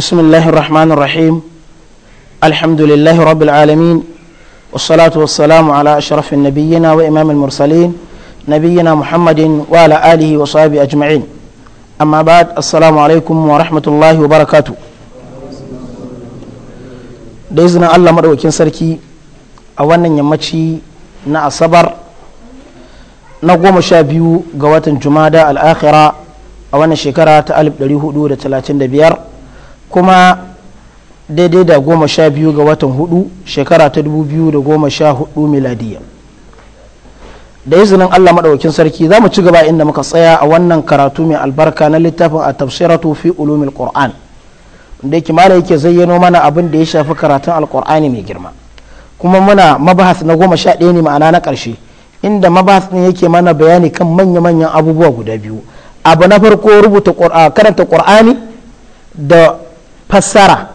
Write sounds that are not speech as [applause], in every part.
بسم الله الرحمن الرحيم الحمد لله رب العالمين والصلاة والسلام على أشرف النبيين وإمام المرسلين نبينا محمد وعلى آله وصحبه أجمعين أما بعد السلام عليكم ورحمة الله وبركاته da izinin allah maɗaukin sarki a wannan yammaci na asabar na goma sha biyu ga watan jumada al'akhira a wannan shekara ta 1435 kuma daidai da goma sha biyu ga watan hudu shekara ta dubu biyu da goma sha hudu miladiya da izinin allah maɗaukin sarki za mu ci gaba inda muka tsaya a wannan karatu mai albarka na littafin a tafsiratu fi ulumil qur'an da yake mala yake zayyano mana abin da ya shafi karatun alqur'ani mai girma kuma muna mabahas na goma sha ɗaya ne ma'ana na ƙarshe inda mabahas ne yake mana bayani kan manya-manyan abubuwa guda biyu abu na farko rubuta karanta qur'ani da fassara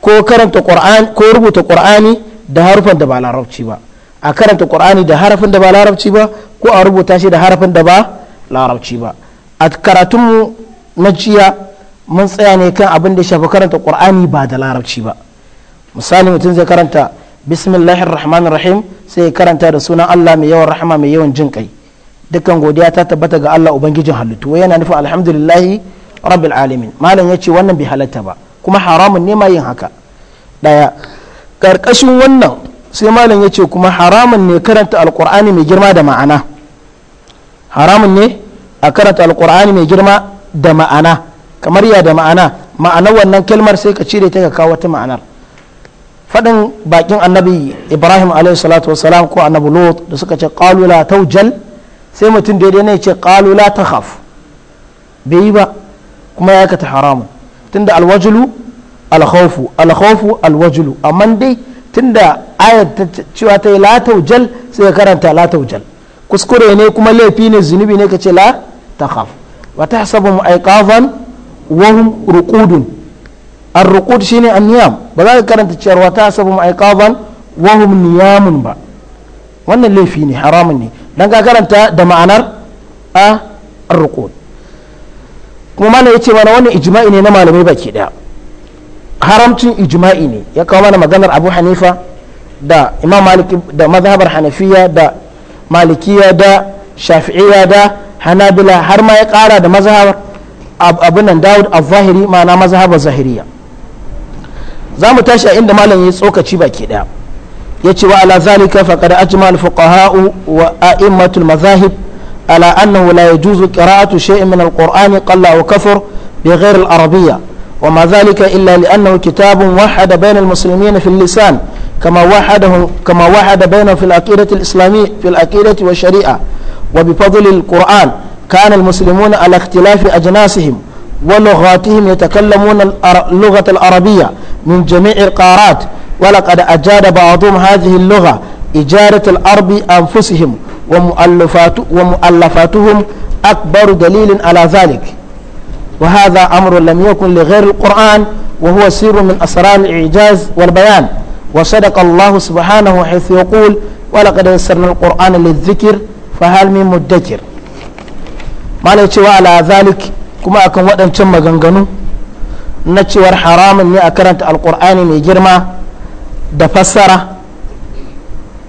ko karanta ƙur'ani ko rubuta ƙur'ani da harufan da ba larabci ba a karanta ƙur'ani da harafin da ba larabci ba ko a rubuta shi da harafin da ba larabci ba a karatun na jiya mun tsaya ne kan abin da shafi karanta ƙur'ani ba da larabci ba misali mutum zai karanta bismillahir rahmanir rahim sai ya karanta da sunan Allah mai yawan rahama mai yawan jin kai dukkan godiya ta tabbata ga Allah ubangijin halittu yana nufin alhamdulillahi rabbil alamin malam yace wannan bai halatta ba kuma haramun ne ma yin haka daya karkashin wannan sai malam yace kuma haramun ne karanta alqur'ani mai girma da ma'ana haramun ne a karanta alqur'ani mai girma da ma'ana kamar ya da ma'ana ma'ana wannan kalmar sai ka cire ta ka kawo wata ma'anar fadin bakin annabi ibrahim alaihi salatu ko annabi lot da suka ce qalu la taujal sai mutum daidai ne ya ce qalu la takhaf bai yi ba kuma ya kata haramun tunda alwajulu alkhawfu alkhawfu alwajulu amma dai tunda ayar ta cewa ta yi sai ka karanta la kuskure ne kuma laifi ne zunubi ne ka ce la takhaf wa tahsabuhum aiqafan wa hum ruqudun ar-ruqud shine an-niyam ba za ka karanta cewa wa mu aiqafan wa hum niyamun ba wannan laifi ne haramun ne dan ka karanta da ma'anar a ah, ar-ruqud kuma mana ya ce mana wannan ijma'i ne na malamai baki daya haramcin ijma'i ne ya kawo mana maganar abu hanifa da imam maliki da mazhabar hanafiya da malikiya da shafi'iya da hanabila har ma ya kara da mazhabar abunan nan dawud al-zahiri ma'ana mazhabar zahiriya za mu tashi a inda malam ya tsokaci baki daya ya ce wa ala zalika faqad ajma al fuqaha wa a'immatul mazahib على أنه لا يجوز قراءة شيء من القرآن قل أو كفر بغير العربية وما ذلك إلا لأنه كتاب وحد بين المسلمين في اللسان كما وحده كما وحد بينه في الأكيدة الإسلامية في الأكيدة والشريعة وبفضل القرآن كان المسلمون على اختلاف أجناسهم ولغاتهم يتكلمون اللغة العربية من جميع القارات ولقد أجاد بعضهم هذه اللغة إجارة الأرض أنفسهم ومؤلفاتهم أكبر دليل على ذلك وهذا أمر لم يكن لغير القرآن وهو سر من أسرار الإعجاز والبيان وصدق الله سبحانه حيث يقول ولقد يسرنا القرآن للذكر فهل من مدكر ما لا على ذلك كما أكون وقتا تم غنغنو na cewar haramun ne a karanta alkur'ani mai girma da fassara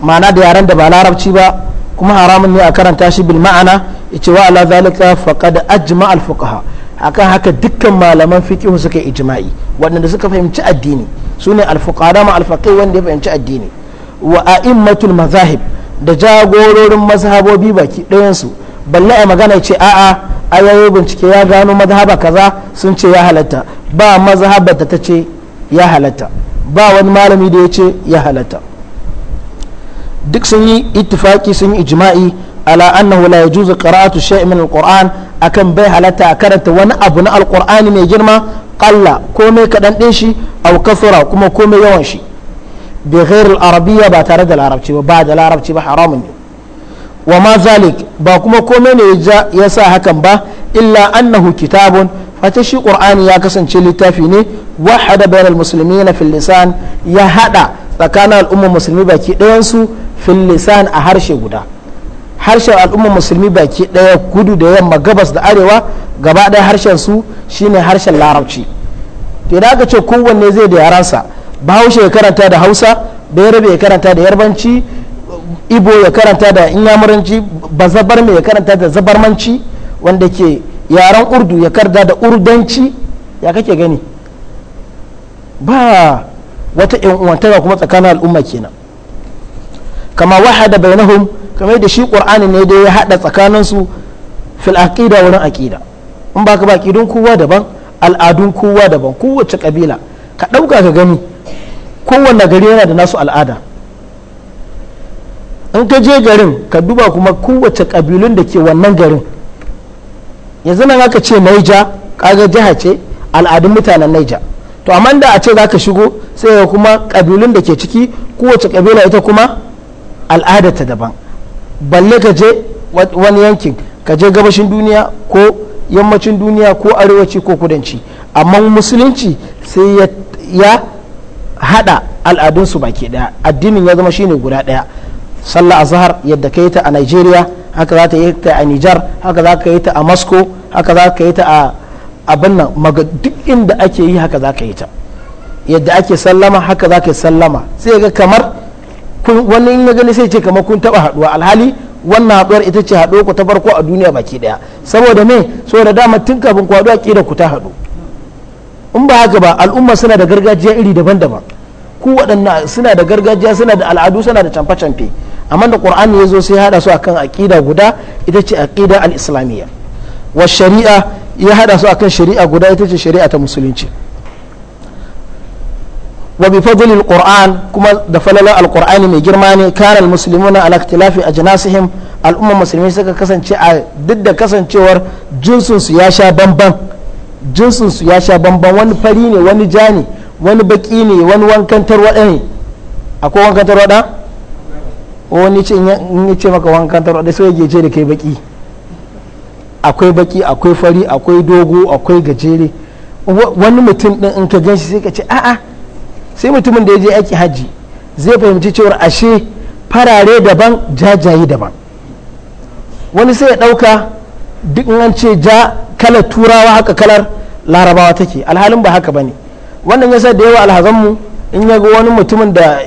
ma'ana da yaren da ba larabci ba kuma haramun ne a karanta shi bil ma'ana ice wa ala zalika faqad ajma al fuqaha akan haka dukkan malaman fiqh suka yi ijma'i waɗanda suka fahimci addini sune al da ma al faqih wanda ya fahimci addini wa a'immatul mazahib da jagororin mazhabobi baki ɗayan su balle a magana ce a'a ayayi bincike ya gano mazhaba kaza sun ce ya halatta ba mazhabar da ta ce ya halatta ba wani malami da ya ce ya halatta duk sun yi ittifaki sun yi ijma'i ala annahu la yajuzu qira'atu shay'in min alquran akan bai halatta a karanta wani abu na alqur'ani mai girma qalla komai kadan din shi aw kasura kuma komai yawan shi bi ghair arabiyya ba tare da larabci ba ba da larabci ba haramun ne wa ma zalik ba kuma komai ne ya sa hakan ba illa annahu kitabun fata shi qur'ani ya kasance littafi ne wahada bainal muslimina fil lisan ya hada tsakanin al'ummar musulmi baki ɗayansu fil lisan a harshe guda harshen al'ummar musulmi baki ɗaya gudu da yamma gabas da arewa gaba ɗaya harshen su shine harshen larabci to idan aka ce kowanne zai da yaransa bahaushe ya karanta da hausa bayarabe ya karanta da yarbanci ibo ya karanta da inyamuranci mai ya karanta da zabarmanci wanda ke yaren urdu ya karanta da urdanci ya kake gani ba wata yan uwantaka kuma tsakanin al'umma kenan kama wahada bainahum kamar da shi qur'ani ne da ya hada tsakanin su fil aqida wurin aqida in baka ba aqidun kowa daban al'adun kowa daban kowace kabila ka dauka ka gani kowanne gari yana da nasu al'ada in ka je garin ka duba kuma kowace kabilun da ke wannan garin yanzu nan aka ce naija kaga jiha ce al'adun mutanen naija to amma da a ce zaka shigo sai kuma kabilun da ke ciki kowace kabila ita kuma al'adarta daban balle ka je wani yankin ka je gabashin duniya ko yammacin duniya ko arewaci ko kudanci amma musulunci sai ya hada al'adunsu baki daya addinin ya zama shine guda daya sallah azhar yadda ka yi ta a nigeria haka za ta yi ta a nijar haka za ka yi ta a moscow haka za ka yi ta a abin nan duk inda ake yi haka za ka yi ta yadda ake sallama haka za ka sallama sai ga kamar wani in ya gani sai ce kamar kun taba haduwa alhali wannan haduwar ita ce haduwa ku ta farko a duniya baki daya saboda me saboda dama tun kafin ku haduwa kida ku ta hadu in ba haka ba al'umma suna da gargajiya iri daban-daban ku waɗannan suna da gargajiya suna da al'adu suna da camfe canfe amma da qur'ani ya zo sai hada su akan aqida guda ita ce aqida al-islamiyya wa shari'a ya hada su akan shari'a guda ita ce shari'a ta musulunci wa bi fadlil qur'an kuma da falalar alqur'ani mai girma ne kana almuslimuna ala ikhtilafi ajnasihim al'umma musulmi suka kasance a duk da kasancewar jinsin su ya sha bamban jinsin su ya sha bamban wani fari ne wani ja ne wani baki ne wani wankantar tarwada ne akwai wankan tarwada wani ce in ce maka wankantar tarwada sai ya ce da kai baki akwai baki akwai fari akwai dogo akwai gajere wani mutum din in ka ganshi sai ka ce a'a sai mutumin da ya je aiki hajji zai fahimci cewar ashe farare daban jajaye daban wani sai ya ɗauka duk an ce ja kalar turawa haka kalar larabawa take alhalin ba haka ba ne wannan yasa da yawa alhazanmu in ya ga wani mutumin da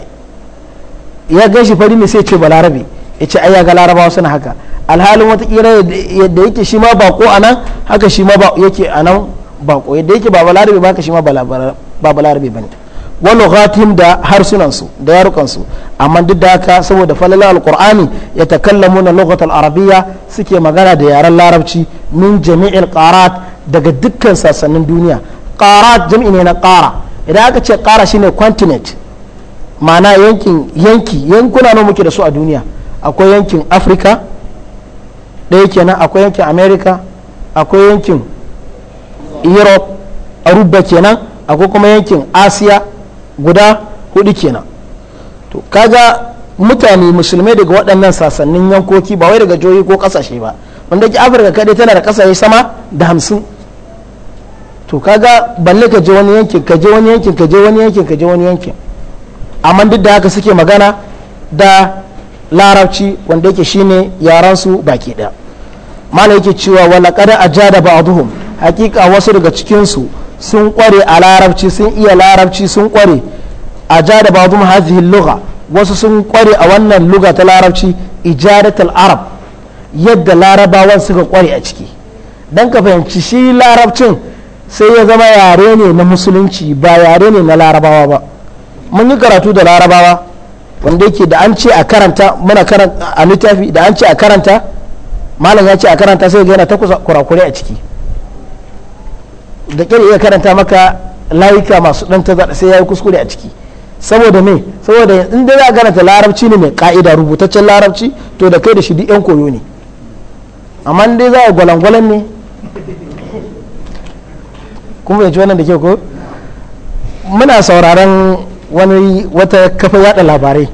ya gan shi fari ne sai ce ba larabe ya ce ai ya ga larabawa suna haka alhalin watakila yadda yake shi ma bako a nan haka shi ma yake a nan bako yadda yake ba larabe ba haka shi ma ba larabe ba ne wa lughatihim da harsunansu da yarukansu amma duk da haka saboda falalar alqur'ani ya takallamuna lughatal arabiyya suke magana da yaren larabci min jami'il karat daga dukkan sassanin duniya karat jam'i ne na kara idan aka ce shi shine continent ma'ana yankin yanki yankuna nawa muke da su a duniya akwai yankin afirka ɗaya kenan akwai yankin america akwai yankin europe aruba kenan akwai kuma yankin asiya guda hudu kenan to kaga mutane musulmai daga waɗannan sasannin yankoki ba wai daga jihohi ko ƙasashe ba wanda ke afirka kaɗai tana da ƙasashe sama da hamsin to kaga balle ka je wani yankin ka je wani yankin ka je wani yankin ka je wani yankin amma duk da haka suke magana da larabci wanda yake shine yaran su baki ɗaya mana yake cewa wala kada ajada ba'dhum hakika wasu daga cikin su sun kware a larabci sun iya larabci sun kware a ja da babu hadhihi lugha wasu sun kware a wannan luga ta larabci ijadatul arab yadda larabawan suka kware a ciki dan ka fahimci shi larabcin sai ya zama yare ne na musulunci ba yare ne na larabawa ba mun yi karatu da larabawa wanda yake da an ce a karanta muna karanta a littafi da an ce a karanta malam ya ce a karanta sai ga yana ta kurakure a ciki da kyau ya karanta maka layuka masu dan zaɗa sai ya yi kuskure a ciki saboda me saboda in dai za karanta larabci ne mai ka'ida rubutaccen larabci to da kai da shi duk yan koyo ne amma dai za a gwalangwalan ne kuma yanzu wannan da ke ko muna sauraron wani wata kafa yada labarai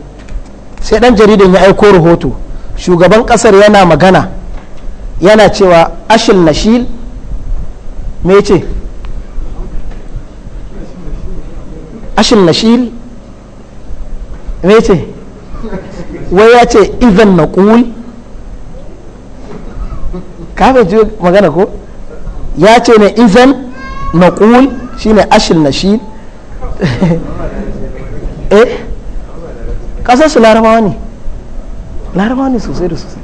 sai dan jaridan ya aiko rahoto shugaban kasar yana magana yana cewa ashil nashil me ce ashin nashil me ce wai ya ce idan na kul kafa ji magana ko ya ce ne izan na kul shi ne ashin nashil [laughs] eh kasar su larabawa ne larabawa ne sosai da sosai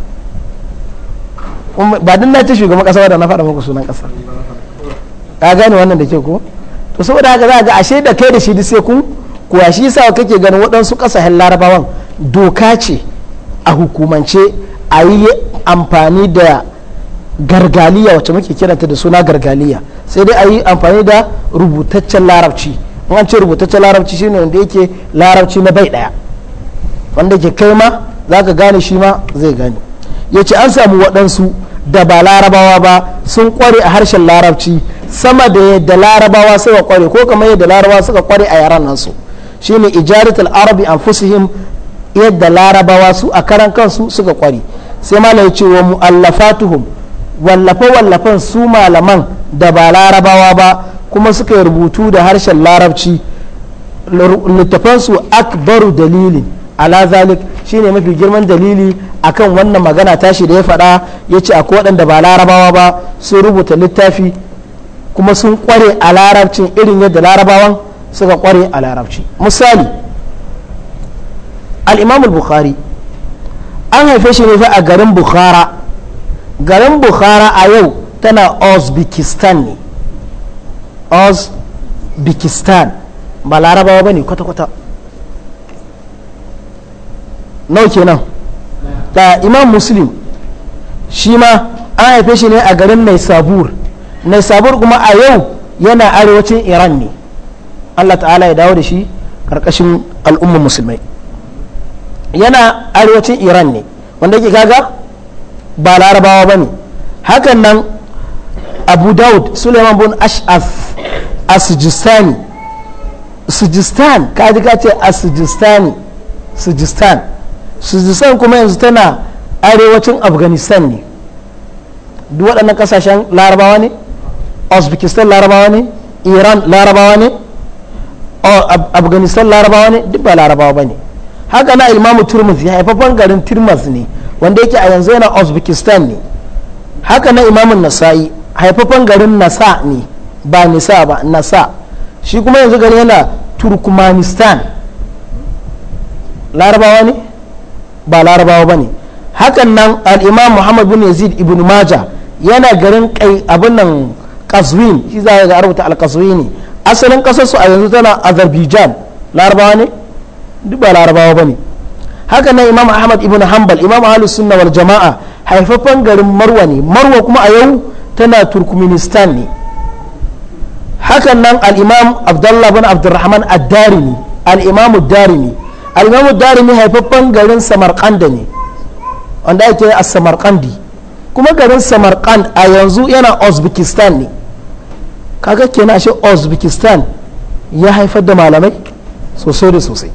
ba dinna ta ce shugaban ƙasa da na faɗa muku sunan kasa ka gane wannan da ke ko to saboda haka za ga ashe da kai da shi duk sai ku kuwa shi yasa kake ganin waɗansu ƙasashen larabawan doka ce a hukumance a yi amfani da gargaliya wacce muke kiranta da suna gargaliya sai dai a yi amfani da rubutaccen larabci in an ce rubutaccen larabci shine wanda yake larabci na bai ɗaya wanda ke kai ma za ka gane shi ma zai gane ya ce an samu waɗansu da ba larabawa ba sun kware a harshen larabci sama da yadda larabawa suka kware ko kamar yadda larabawa suka kware a yaran nasu shine ijaratul arabi anfusihim yadda larabawa su a karan kansu suka kware sai ma ya ce wa muallafatuhum wallafe wallafan su malaman da ba larabawa ba kuma suka rubutu da harshen larabci littafansu akbaru dalilin ala zalik shine mafi girman dalili akan wannan magana tashi da ya faɗa ya ce akwai waɗanda ba larabawa ba sun rubuta littafi kuma sun kware a larabcin irin yadda larabawan suka kware a larabci misali al-imam bukhari an haife shi ne fa a garin bukhara garin bukhara a yau tana uzbekistan ne uzbekistan ba larabawa ba ne kwata-kwata nau kenan ta imam muslim shi ma an haife shi ne a garin mai sabur mai sabur kuma a yau yana arewacin iran ne allah ta'ala ya dawo da shi karkashin al'umma musulmai yana arewacin iran ne wanda ke kaga ba larabawa ba ne hakan nan abu daud suleiman bin ash'af a sujistani sujistan ka ce a sujistani sujistan suzistan kuma yanzu tana arewacin afghanistan ne duk waɗannan ƙasashen larabawa ne uzbekistan larabawa ne iran larabawa ne afghanistan larabawa ne duk ba larabawa ba ne haka na imamu turmus ya haifafan garin turmus ne wanda yake a yanzu yana uzbekistan ne haka na imamun nasa'i haifafan garin nasa ne ba nisa ba nasa shi kuma yanzu gari yana turkmanistan larabawa ne ba larabawa ba ne hakan nan al'imam muhammad bin yazid ibn maja yana garin kai abin nan kaswin shi za ga al asalin kasarsu a yanzu tana azerbaijan larabawa ne duk ba larabawa ba ne hakan nan imam ahmad ibn hanbal imam ahlu sunna wal jama'a haifafan garin marwa ne marwa kuma a yau tana turkmenistan ne hakan nan al abdullah bin abdurrahman ad-darimi al-imam ad-darimi alimamu dari darimi haifafan garin Samarkand ne wanda ake a samarkandi kuma garin samarkand a yanzu yana uzbekistan ne kaga kenan shi uzbekistan ya haifar da malamai sosai da sosai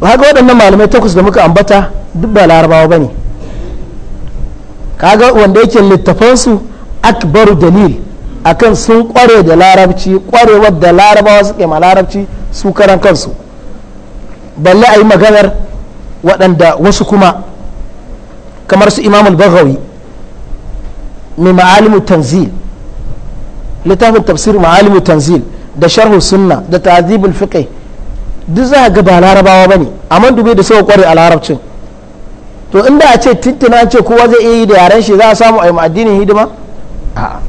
to haka waɗannan malamai takwas da muka ambata duk ba larabawa ba ne kaga wanda yake littafansu akbaru dalil akan sun kware da larabci kwarewar da larabawa suke ma larabci su karan kansu balle a yi maganar waɗanda wasu kuma kamar su imamul bagawi mai ma'alimu tanzil littafin tafsir ma'alimu tanzil da sharhu sunna da ta'azibul fiqh duk za ga ba larabawa ba ne amma dubai da suka kware a larabcin to inda a ce tintina ce kowa zai iya yi da yaren shi za a samu a yi addinin hidima a'a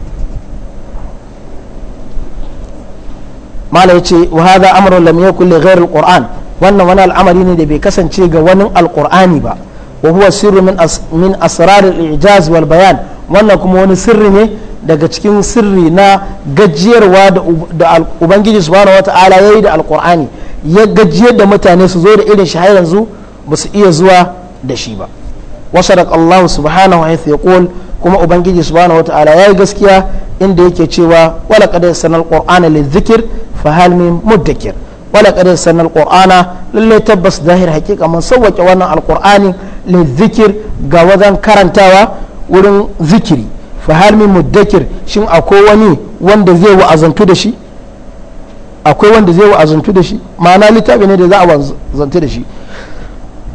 ya ce wa hadha amrun lam kulle li qur'an. wannan wani al'amari ne da bai kasance ga wani alkur'ani ba wa huwa sirri min min asrarul ijaz wal bayan wannan kuma wani sirri ne daga cikin sirri na gajiyarwa da ubangiji subhanahu wata'ala yayi da alkur'ani ya gajiyar da mutane su zo da irin shi har yanzu ba su iya zuwa da shi ba wa Allah subhanahu wa ta'ala kuma ubangiji subhanahu wata'ala yayi gaskiya inda yake cewa wala qad sanal qur'ana lizikr fa hal min mudakkir wala qad sanar alqur'ana lallai tabbas zahir hakika mun sawake wannan alqur'ani li zikir ga wajen karantawa wurin zikiri fa har min muddakir shin akwai wani wanda zai wa'azantu da shi akwai wanda zai wa'azantu da shi ma'ana littafi ne da za a wa'azantu da shi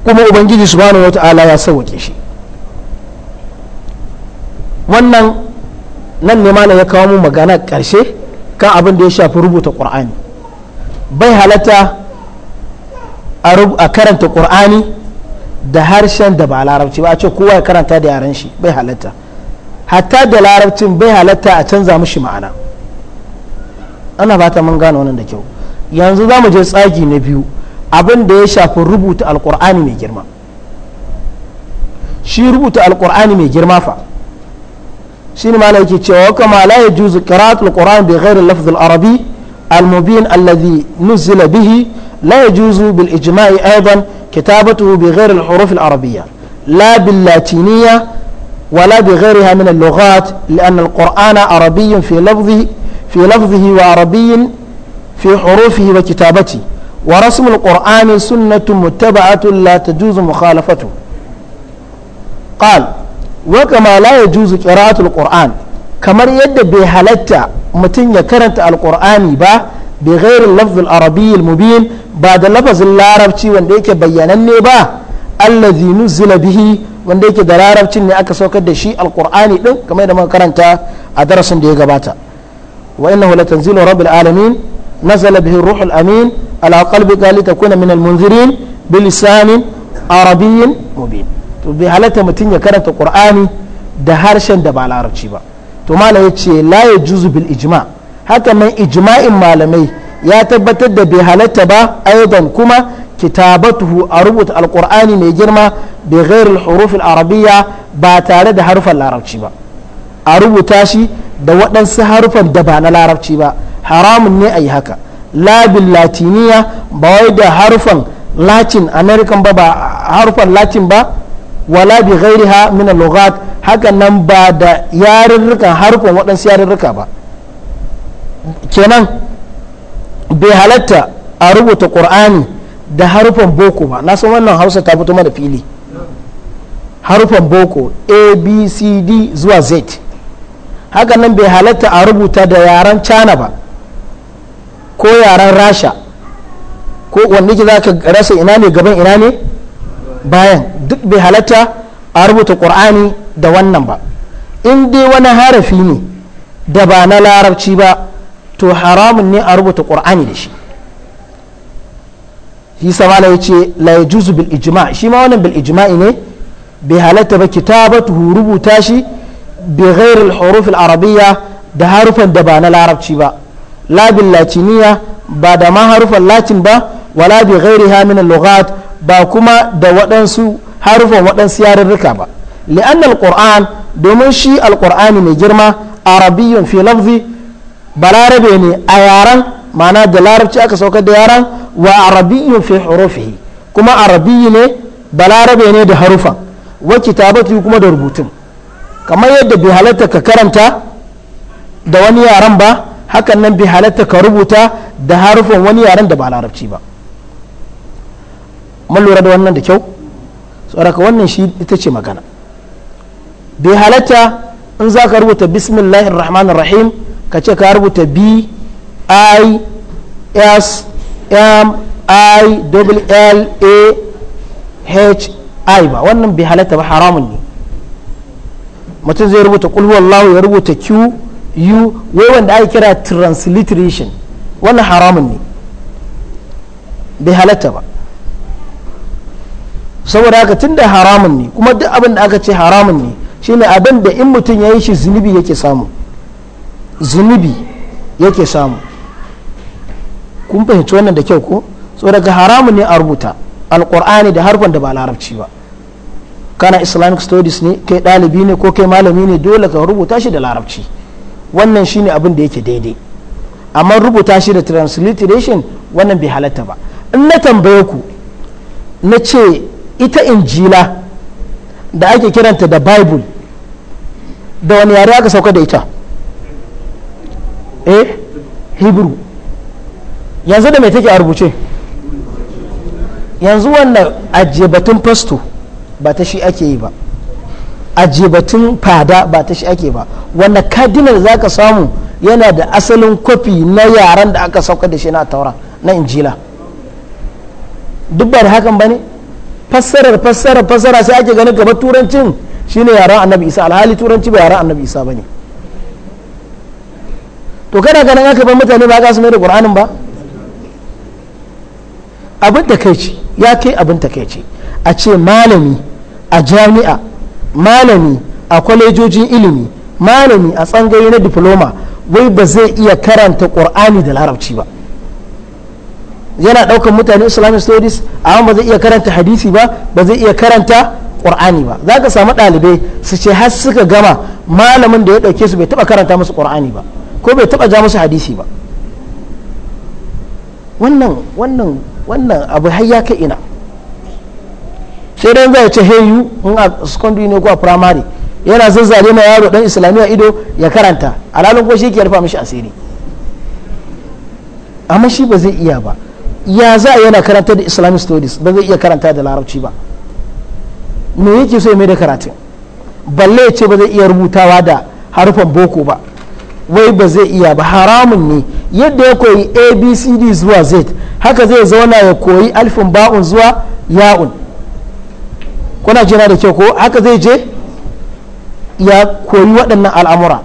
kuma ubangiji subhanahu wata'ala ya sauke shi wannan nan ne malam ya kawo mu magana karshe kan abin da ya shafi rubuta qur'ani bai halatta a karanta ƙur'ani da harshen da ba larabci ba a ce kowa ya karanta da yaren shi bai halatta hatta da larabcin bai halatta a canza mushi ma'ana ana fata mun gane wannan da kyau yanzu za mu je tsagi na biyu abin da ya shafi rubuta alkur'ani mai girma shi rubuta alkur'ani mai girma fa shi ne ma yake cewa kama la yajuzu qira'atul qur'an bi ghairi lafzil arabi المبين الذي نزل به لا يجوز بالإجماع أيضا كتابته بغير الحروف العربية لا باللاتينية ولا بغيرها من اللغات لأن القرآن عربي في لفظه في لفظه وعربي في حروفه وكتابته ورسم القرآن سنة متبعة لا تجوز مخالفته قال وكما لا يجوز قراءة القرآن كما يد بهلتا mutum ya karanta alkur'ani ba bi ghairi lafzul arabiyyil mubin ba da lafazin larabci wanda yake bayyananne ba allazi nuzila bihi wanda yake da larabcin ne aka saukar da shi alkur'ani din kamar da muka karanta a darasin da ya gabata wa innahu latanzilu rabbil alamin nazala bihi ruhul amin ala qalbika litakuna min almunzirin bilisanin arabiyyin mubin to bai halatta mutum ya karanta qur'ani da harshen da ba larabci ba to malam ya ce la juzu bil ijma haka mai ijma'in malamai ya tabbatar da bai halatta ba aidan kuma kitabatuhu a rubuta alkur'ani mai girma bi ghairil hurufil arabiyya ba tare da harufan larabci ba a rubuta shi da waɗansu harufan da ba na larabci ba haramun ne a yi haka labin latiniya ba wai da harufan latin american ba ba harufan latin ba wala bi ha min al-lughat hakan nan ba da yarurrukan harkon waɗansu yarurruka ba kenan bai halatta a rubuta qur'ani da harufan boko ba na san wannan hausa ta fito mana fili harufan boko a b c d zuwa z hakan nan bai halatta a rubuta da yaren china ba ko yaren rasha ko wanda ke za ka rasa ina ne gaban ina ne bayan duk bai halatta a rubuta ƙur'ani da wannan ba in dai wani harafi ne da ba na larabci ba to haramun ne a rubuta ƙur'ani da shi shi sama ya ce la juzu bil ijma shi ma wannan bil ijma ne bai halatta ba kitabatu rubuta shi bi ghairil huruf al arabiyya da harufan da ba na larabci ba la bil latiniya ba da ma harufan latin ba wala bi ghairiha min al-lughat ba kuma da waɗansu harufan waɗansu yarurruka ba li'anna al-qur'an domin shi al-qur'ani mai girma arabiyyun fi lafzi balarabe ne a yaran ma'ana da larabci aka saukar da yaran wa arabiyyun fi hurufihi kuma arabiyyi ne balarabe ne da harufan wa kitabatu kuma da rubutun kamar yadda bai halatta ka karanta da wani yaran ba hakan nan bai halatta ka rubuta da harufan wani yaran da ba larabci ba mun lura da wannan da kyau tsoraka wannan shi ita ce magana bai halatta in za ka rubuta bismillahir rahmanir rahim ka ce ka rubuta b i s m i w l a h i ba wannan bai halatta ba haramun ne mutum zai rubuta kulhu wallahu ya rubuta q u wai wanda ake kira transliteration wannan haramun ne bai halatta ba saboda haka da haramun ne kuma duk abin da aka ce haramun ne shine abin da in mutum ya yi shi zunubi yake samu zunubi yake samu kun fahimci wannan da kyau ko so daga haramun ne a rubuta alkur'ani da harfan da ba larabci ba kana islamic studies ne kai ɗalibi ne ko kai malami ne dole ka rubuta shi da larabci wannan shine abin da yake daidai amma rubuta shi da transliteration wannan bai halatta ba in na tambaye ku na ce ita injila da ake kiranta da bible da wani yare aka sauka da ita eh hebrew yanzu da mai take a rubuce yanzu wannan ajebatun fasto ba ta shi ake yi ba ajebatun fada ba ta shi ake ba wanda kadinar za ka samu yana da asalin kwafi na yaren da aka sauka da shi na taura na injila duk ba da hakan ba ne fassarar fassarar fassara sai ake ganin kamar turancin shine yaran annabi isa alhali turanci ba yaran annabi isa bane to kana ganin aka bar mutane ba ga su mai da qur'anin ba abin da kai ce ya kai abin da kai ce a ce malami a jami'a malami a kwalejojin ilimi malami a tsangayi na diploma wai ba zai iya karanta qur'ani da larabci ba yana ɗaukar mutane islamic studies amma ba zai iya karanta hadisi ba ba zai iya karanta qur'ani ba za ka samu ɗalibai su ce har suka gama malamin da ya ɗauke su bai taɓa karanta musu qur'ani ba ko bai taɓa ja musu hadisi ba wannan wannan wannan abu har ya kai ina sai dan zai ce hayu in a secondary ne ko a primary yana zazzare ma yaro dan islamiyya ido ya karanta alalun ko shi ke rufa mishi asiri amma shi ba zai iya ba ya za a yana karanta da islamic studies ba zai iya karanta da larabci ba me yake so ya mai da karatu balle ce ba zai iya rubutawa da harufan boko ba wai ba zai iya ba haramun ne yadda ya koyi abcd zuwa z haka zai zauna ya koyi alfin ba'un zuwa ya'un kuna jira da kyau ko haka zai je ya koyi waɗannan al'amura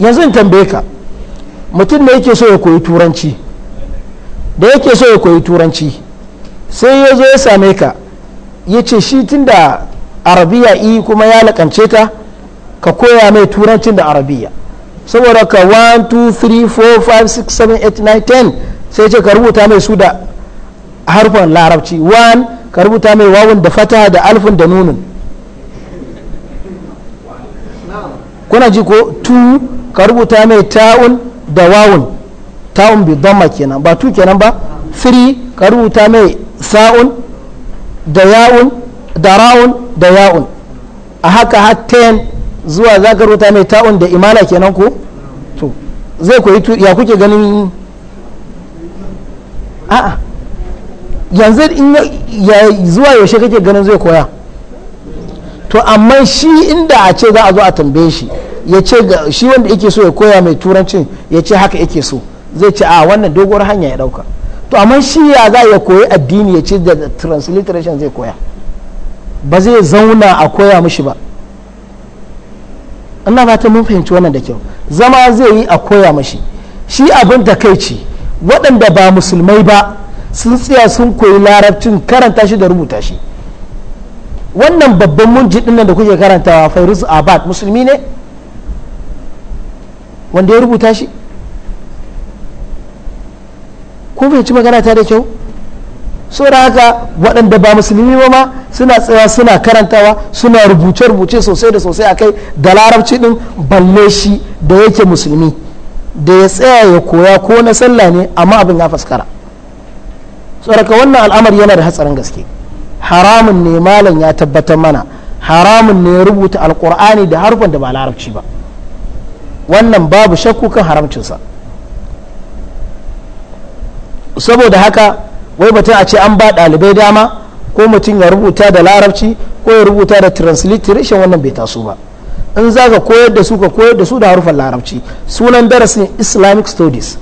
yanzu in tambaye ka mutum ne yake so ya koyi turanci da yake so ya koyi turanci sai ya zo ya same ka ya ce shi tun da arabiya i kuma ya lakance ta ka koya mai turancin da arabiya saboda ka 1 2 3 4 5 6 7 8 9 10 sai ce ka rubuta mai su da harfan larabci 1 ka rubuta mai wawun da fata da alfin da nunin kuna ji ko 2 ka rubuta mai ta'un da wawun ta'un bi dhamma kenan ba tu kenan ba firi ka rubuta mai sa'un da ya'un da ra'un da ya'un a haka hatten zuwa za ka rubuta mai ta'un da imala kenan ko to zai koyi tu ya kuke ganin a'a yanzu in ya zuwa yaushe kake ganin zai koya to amma shi inda a ce za a zo a tambaye shi ya ce shi wanda yake so ya koya mai turanci ya ce haka yake so zai ce a ah, wannan doguwar hanya ya dauka to amma shi ya za ya koyi addini ya ce da transliteration zai koya ba zai zauna a koya mishi ba ina fata mun fahimci wannan da kyau zama zai yi a koya mashi shi abin da kai ce waɗanda ba musulmai ba sun tsaya sun koyi larabcin karanta shi da rubuta shi wannan babban munji dinnan da kuke karantawa fairuz abad musulmi ne wanda ya rubuta shi ko bai ci magana ta da kyau saboda haka waɗanda ba musulmi ba ma suna tsaya suna karantawa suna rubuce-rubuce sosai da sosai a kai da larabci ɗin balle shi da yake musulmi da ya tsaya ya koya ko na sallah ne amma abin ya faskara tsoraka wannan al'amari yana da hatsarin gaske haramun ne malam ya tabbatar mana haramun ne ya rubuta alƙur'ani da harfan da ba larabci ba wannan babu shakku kan haramcinsa saboda haka wai batun a ce an ba ɗalibai dama ko mutum ya rubuta da larabci ko ya rubuta da transliteration wannan bai taso ba in za ka koyar da su ka koyar da su da harufan larabci sunan darasin islamic studies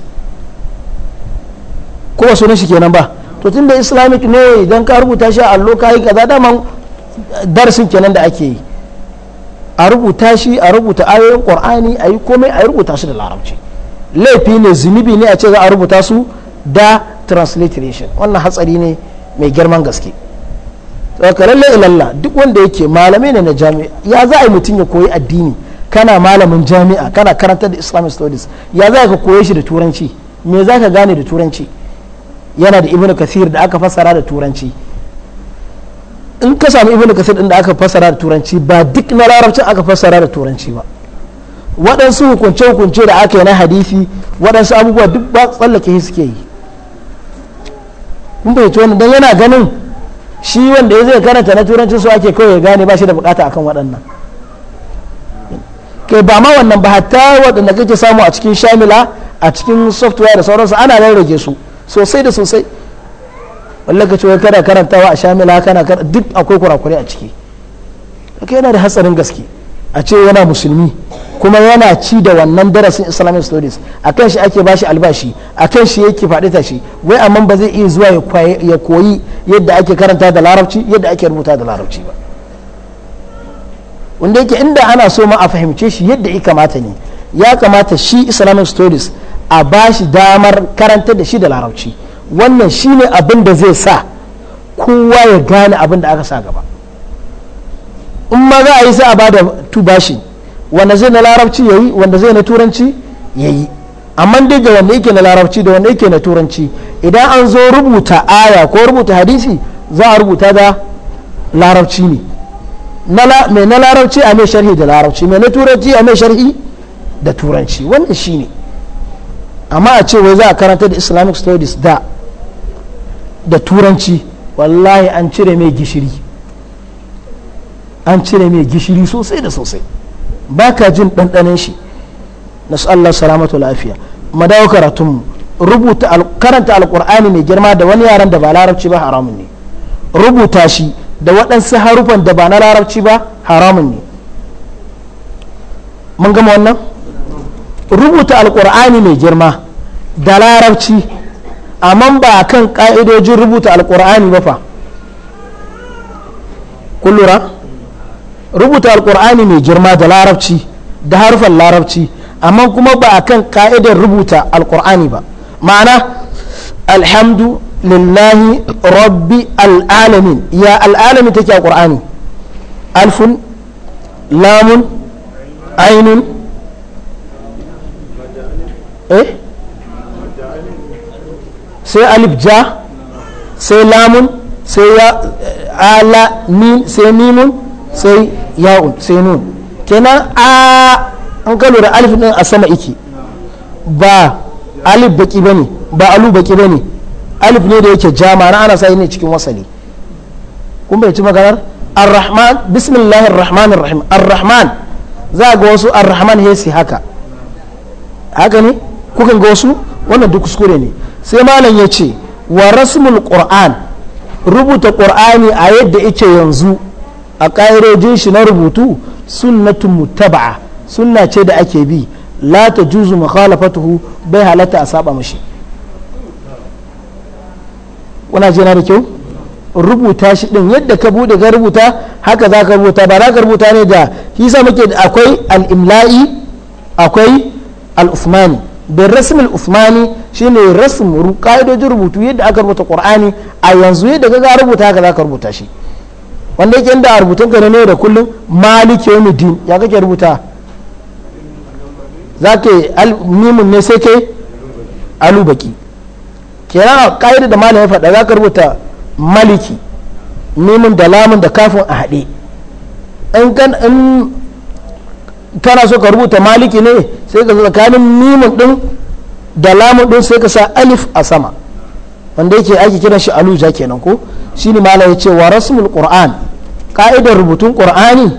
ko ba sunan shi kenan ba to tun da islamic ne idan ka rubuta shi a allo ka yi kaza daman darasin kenan da ake yi a rubuta shi a rubuta ayoyin qur'ani a yi komai a rubuta shi da larabci laifi ne zunubi ne a ce za a rubuta su da transliteration wannan hatsari ne mai girman gaske ka lalle ilalla duk wanda yake malami ne na jami'a ya za a yi mutum ya koyi addini kana malamin jami'a kana karantar da islamic studies ya za ka koye shi da turanci me za ka gane da turanci yana da ibnu kathir da aka fassara da turanci in ka samu ibnu kathir din da aka fassara da turanci ba duk na larabcin aka fassara da turanci ba waɗansu hukunce-hukunce da aka yi na hadisi waɗansu abubuwa duk ba tsallake suke yi kun bai wani dan yana ganin shi wanda ya zai karanta na turanci su ake kawai ya gane ba shi da bukata akan waɗannan kai ba ma wannan ba hatta waɗanda kake samu a cikin shamila a cikin software da sauransu ana rarrage su sosai da sosai wallan ka cewa kana karantawa a shamila kana duk akwai kurakurai a ciki kai yana da hatsarin gaske a ce yana musulmi kuma yana ci da wannan darasin islamic studies a kan shi ake bashi albashi a kan shi yake faɗi shi wai amma ba zai iya zuwa ya koyi yadda ake karanta da larabci yadda ake rubuta da larabci ba wanda yake inda ana so ma a fahimce shi yadda ya kamata ne ya kamata shi islamic studies a bashi damar karanta da shi da larabci wannan shine abin da zai sa kowa ya gane abin da aka sa gaba in ma za a yi sai a bada tubashi wanda zai na larabci yayi wanda zai na turanci yayi amma duk da wanda yake na larabci da wanda yake na turanci idan an zo rubuta aya ko rubuta hadisi za a rubuta da larabci ne mai na larabci a mai sharhi da larabci mai na turanci a mai sharhi da turanci wannan shi ne amma a ce wai za a karanta da islamic studies da da turanci wallahi an cire mai gishiri an cire mai gishiri sosai da sosai ba ka jin ɗanɗanen shi na Allah salamatu lafiya mu karatun rubuta karanta alƙur'ani mai girma da wani yaran da ba larabci ba haramun ne rubuta shi da waɗansu harufan da ba na larabci ba haramun ne mun gama wannan rubuta alƙur'ani mai girma da larabci amma ba a kan ƙa'idojin rubuta alƙur'ani ba fa kullura rubuta alkur'ani mai girma da larabci da harfan larabci amma kuma ba a kan ka'idar rubuta alkur'ani ba ma'ana alhamdu lillahi rabbi al'alamin ya al'alamin take a alfun lamun ainun eh sai alif ja sai lamun sai ya eh, ala sai mimun sai ya'un sai nun kenan a an ka lura alif din a sama iki ba alif baki bane ba alu baki bane alif ne da yake jama'a na ana sa ne cikin wasali kun bai ci maganar ar-rahman bismillahir rahmanir rahim ar-rahman za ga wasu ar-rahman hesi haka haka ne kukan ga wasu wannan duk kuskure ne sai malam ya ce wa rasmul qur'an rubuta qur'ani a yadda yake yanzu a ƙa'irojin shi na rubutu sunnatun mutaba'a sunna ce da ake bi la ta juzu mukhalafatuhu bai halatta a saba mashi kuna ce na da kyau rubuta shi din yadda ka bude ka rubuta haka za ka rubuta ba za ka rubuta ne da hisa muke akwai al-imla'i akwai al-usmani bin rasim al-usmani shine rasim ka'idojin rubutu yadda aka rubuta qur'ani a yanzu yadda ka rubuta haka za ka rubuta shi wanda yake inda rubutun ka ne da kullum maliki din ya kake rubuta za ka yi mimun ne sai ke alubaki kenan a ƙa'ida da malam faɗa za ka rubuta maliki mimin da lamun da kafin a haɗe in kan in kana so ka rubuta maliki ne sai ka tsakanin mimun ɗin da lamun ɗin sai ka sa alif a sama wanda yake ake kiran shi aluja kenan ko shine malam ya ce wa rasmul qur'an ka'idar rubutun qur'ani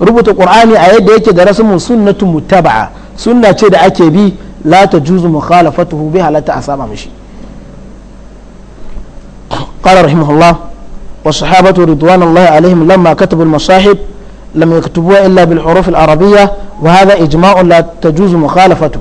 rubuta qur'ani a yadda yake da rasmun sunnatu muttaba'a sunna ce da ake bi la tajuzu mukhalafatuhu bi halatta a saba mishi قال رحمه الله والصحابة رضوان الله عليهم لما كتبوا المصاحب لم يكتبوها إلا بالحروف العربية وهذا إجماع لا تجوز مخالفته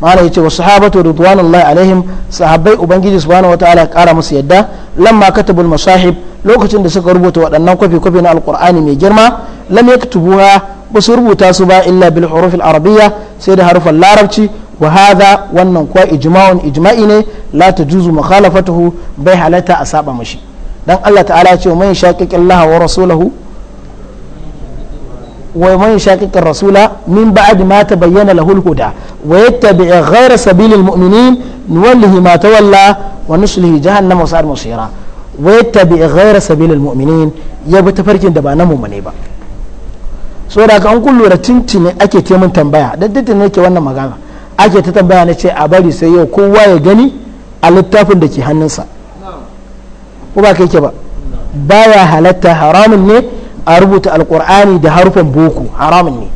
malam yace wa sahabatu ridwanullahi alaihim sahabbai ubangiji subhanahu wataala kara musu yadda lamma katabul masahib lokacin da suka rubuta waɗannan kwafi kwafi na alqur'ani mai girma lam yaktubuha ba su rubuta su ba illa bil huruf al arabiyya sai da harufan larabci wa hadha wannan kuwa ijma'un ijma'i ne la tajuzu mukhalafatuhu bai halatta a saba mashi dan Allah ta'ala ya ce man shaqiqillaha wa rasulahu ومن يشاقق الرسول من بعد ما تبين له الهدى ويتبع غير سبيل المؤمنين نوله ما تولى ونصله جهنم وسعر مصيرا ويتبع غير سبيل المؤمنين يبقى تفركين دبا نمو منيبا saboda ka an kun tintini ake ce mun tambaya daddatin ne ke wannan magana ake ta tambaya na ce a bari sai yau kowa ya gani a littafin da ke hannunsa ko ba kai ke ba baya halatta haramun ne a rubuta alkur'ani da harufan boko haramun ne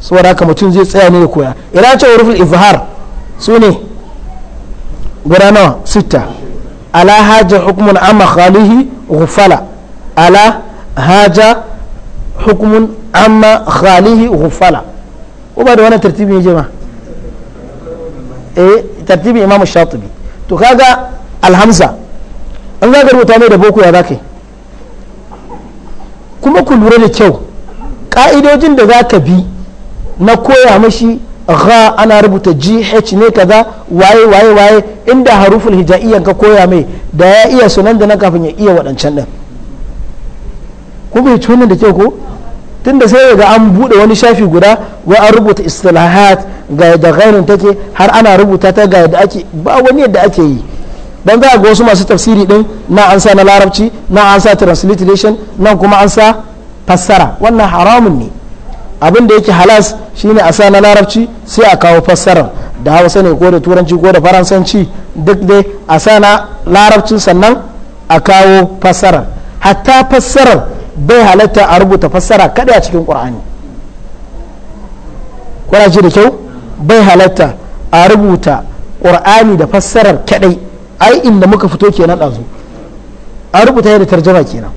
saboda haka mutum zai tsaya ne ya koya ina ce huruful izhar su ne guda nawa sita ala haja hukumun amma khalihi ghufala ala haja hukumun amma khalihi ghufala ko ba da wannan tartibin ya jama eh tartibin imamu shatibi to kaga alhamza an zaga rubuta mai da boko ya zakai kuma ku lura da kyau ƙa'idojin da za ka bi na koya mashi gha ana rubuta gh ne kaza waye waye waye inda harufin hija'iyan ka koya mai da ya iya sunan da na kafin ya iya waɗancan ɗin ku bai tunan da kyau ko tun da sai ga an buɗe wani shafi guda wa an rubuta istilahat ga yadda gairin take har ana rubuta ta ga yadda ake ba wani yadda ake yi dan za a ga wasu masu tafsiri din na an sa na larabci na an sa transliteration nan kuma an sa fassara wannan haramun ne abin da yake halas shine a sa na larabci sai a kawo fassarar da hausa ne ko da turanci ko da faransanci duk dai a sa na larabcin sannan a kawo fassarar hatta fassarar bai halatta a rubuta fassara kadai a cikin qur'ani kuna ji da kyau bai halatta a rubuta qur'ani da fassarar kadai ai inda muka fito kenan ɗazu an rubuta da tarjama kenan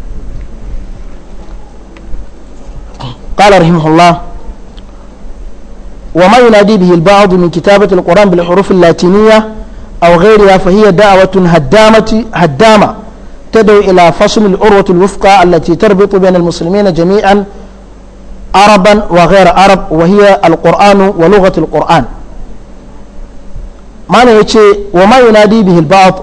قال رحمه الله وما ينادي به البعض من كتابة القرآن بالحروف اللاتينية أو غيرها فهي دعوة هدامة هدامة تدعو إلى فصل الأروة الوثقى التي تربط بين المسلمين جميعا عربا وغير عرب وهي القرآن ولغة القرآن malam ya ce wa ma yunadi bihi al-ba'd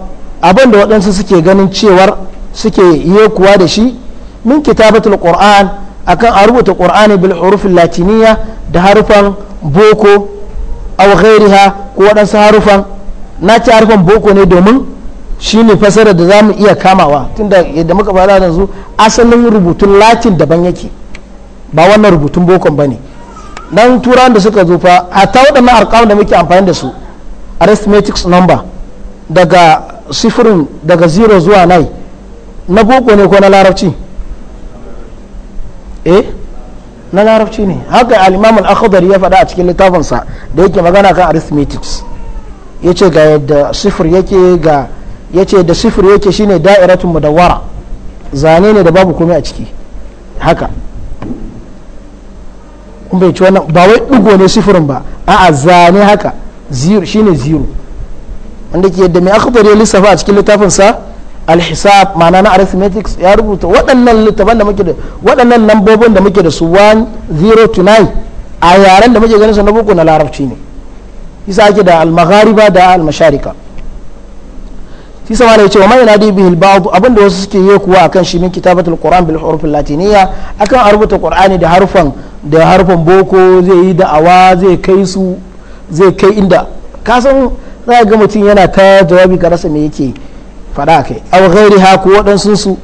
da waɗansu suke ganin cewar suke yi kuwa da shi min kitabatul qur'an akan a rubuta qur'ani bil huruf latiniya da harufan boko aw ghairiha ko waɗansu harufan na ci harufan boko ne domin shi ne fasara da zamu iya kamawa tunda yadda muka fara yanzu asalin rubutun latin daban yake ba wannan rubutun bokon bane nan turan da suka zo fa hatta waɗannan arƙam da muke amfani da su arithmetic number daga sifirin daga 0 zuwa 9 na boko ne ko na larabci eh na larabci ne haka alimamin akhadari ya faɗa a cikin littafinsa da yake magana kan arithmetics ya ce ga yadda sifir yake ga ya ce da sifir yake shine da'iratun mudawwara zane ne da babu komai a ciki haka ba wai ɗigo ne sifirin ba a'a zane haka zero shine zero wanda ke yadda mai akhbar ya lissafa a cikin littafin sa alhisab ma'ana na arithmetics ya rubuta waɗannan littafan da muke da waɗannan lambobin da muke da su 1 0 to 9 a yaren da muke ganin su na boko na larabci ne isa ake da al da almasharika masharika shi sama da ya ce wa mai nadi bihil ba'd abinda wasu suke yi kuwa akan shi min kitabatul qur'an bil huruf latiniyya akan a rubuta qur'ani da harfan da harfan boko zai yi da'awa zai kai su zai kai inda kasan za a ga mutum yana ta jawabi ga rasa me yake fada kai aw ghairi ha ko waɗansu su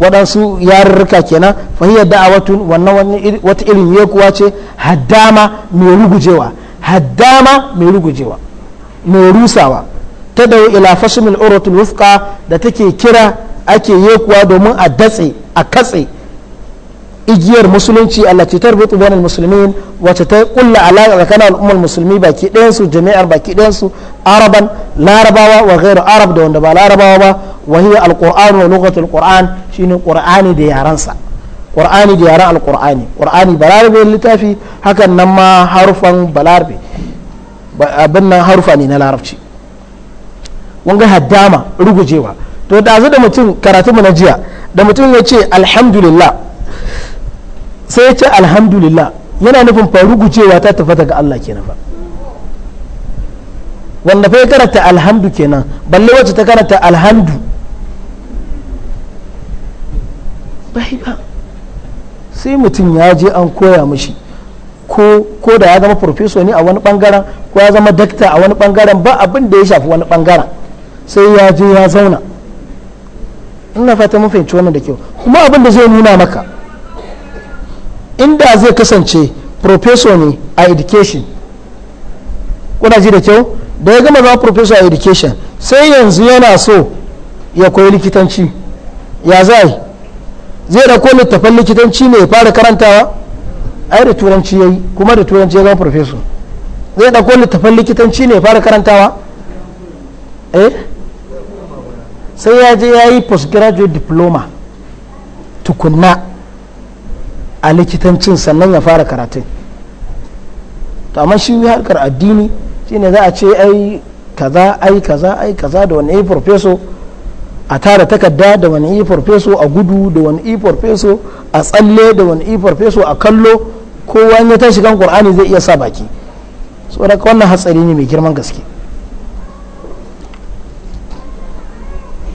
waɗansu yarurruka kenan fahiyar da'awatun wannan wata irin yekuwa ce haddama mai rugujewa haddama mai rugujewa mai rusawa ta da ila fashimin urutun wufka da take kira ake yekuwa domin a datse a katse igiyar musulunci allati tarbitu bainal muslimin wace ta kulla alaƙa tsakanin al'ummar musulmi baki ɗayansu jami'ar baki ɗayansu araban larabawa wa ghairu arab da wanda ba larabawa ba wa hiya alquran wa lughatul qur'an shine qur'ani da yaransa qur'ani da yaran alqur'ani qur'ani balarabe littafi hakan nan ma harufan balarabe abin nan harufa ne na larabci ga haddama rugujewa to da da mutum karatu mu na jiya da mutum ya ce alhamdulillah sai ya ce alhamdulillah yana nufin faru gujewa ta tafi daga Allah kenan fa wanda fa ya karanta alhamdu kenan balle wacce ta karanta alhamdu bai ba sai mutum ya je an koya mashi ko da ya zama farfeso ne a wani bangaren ko ya zama dakta a wani bangaren ba abin da ya shafi wani bangaren sai ya je ya zauna ina fata mun fahimci wannan da kyau kuma abin da zai nuna maka inda zai kasance professor ne a education kuna ji da kyau da ya gama zama professor a education sai yanzu yana so ya koyi likitanci ya zai zai da koyi littafan likitanci ne ya fara karantawa ai da turanci ya yi kuma da turanci ya zama professor zai da koyi littafan likitanci ne ya fara karantawa eh sai ya je ya yi postgraduate diploma tukunna a likitancin sannan ya fara karatun to amma shi harkar addini shine za a ce ai kaza ai kaza ai kaza da wani yi farfeso a tara takarda da wani yi farfeso a gudu da wani yi farfeso a tsalle da wani yi farfeso a kallo kowa ya tashi kan qur'ani zai iya sa baki saboda wannan hatsari ne mai girman gaske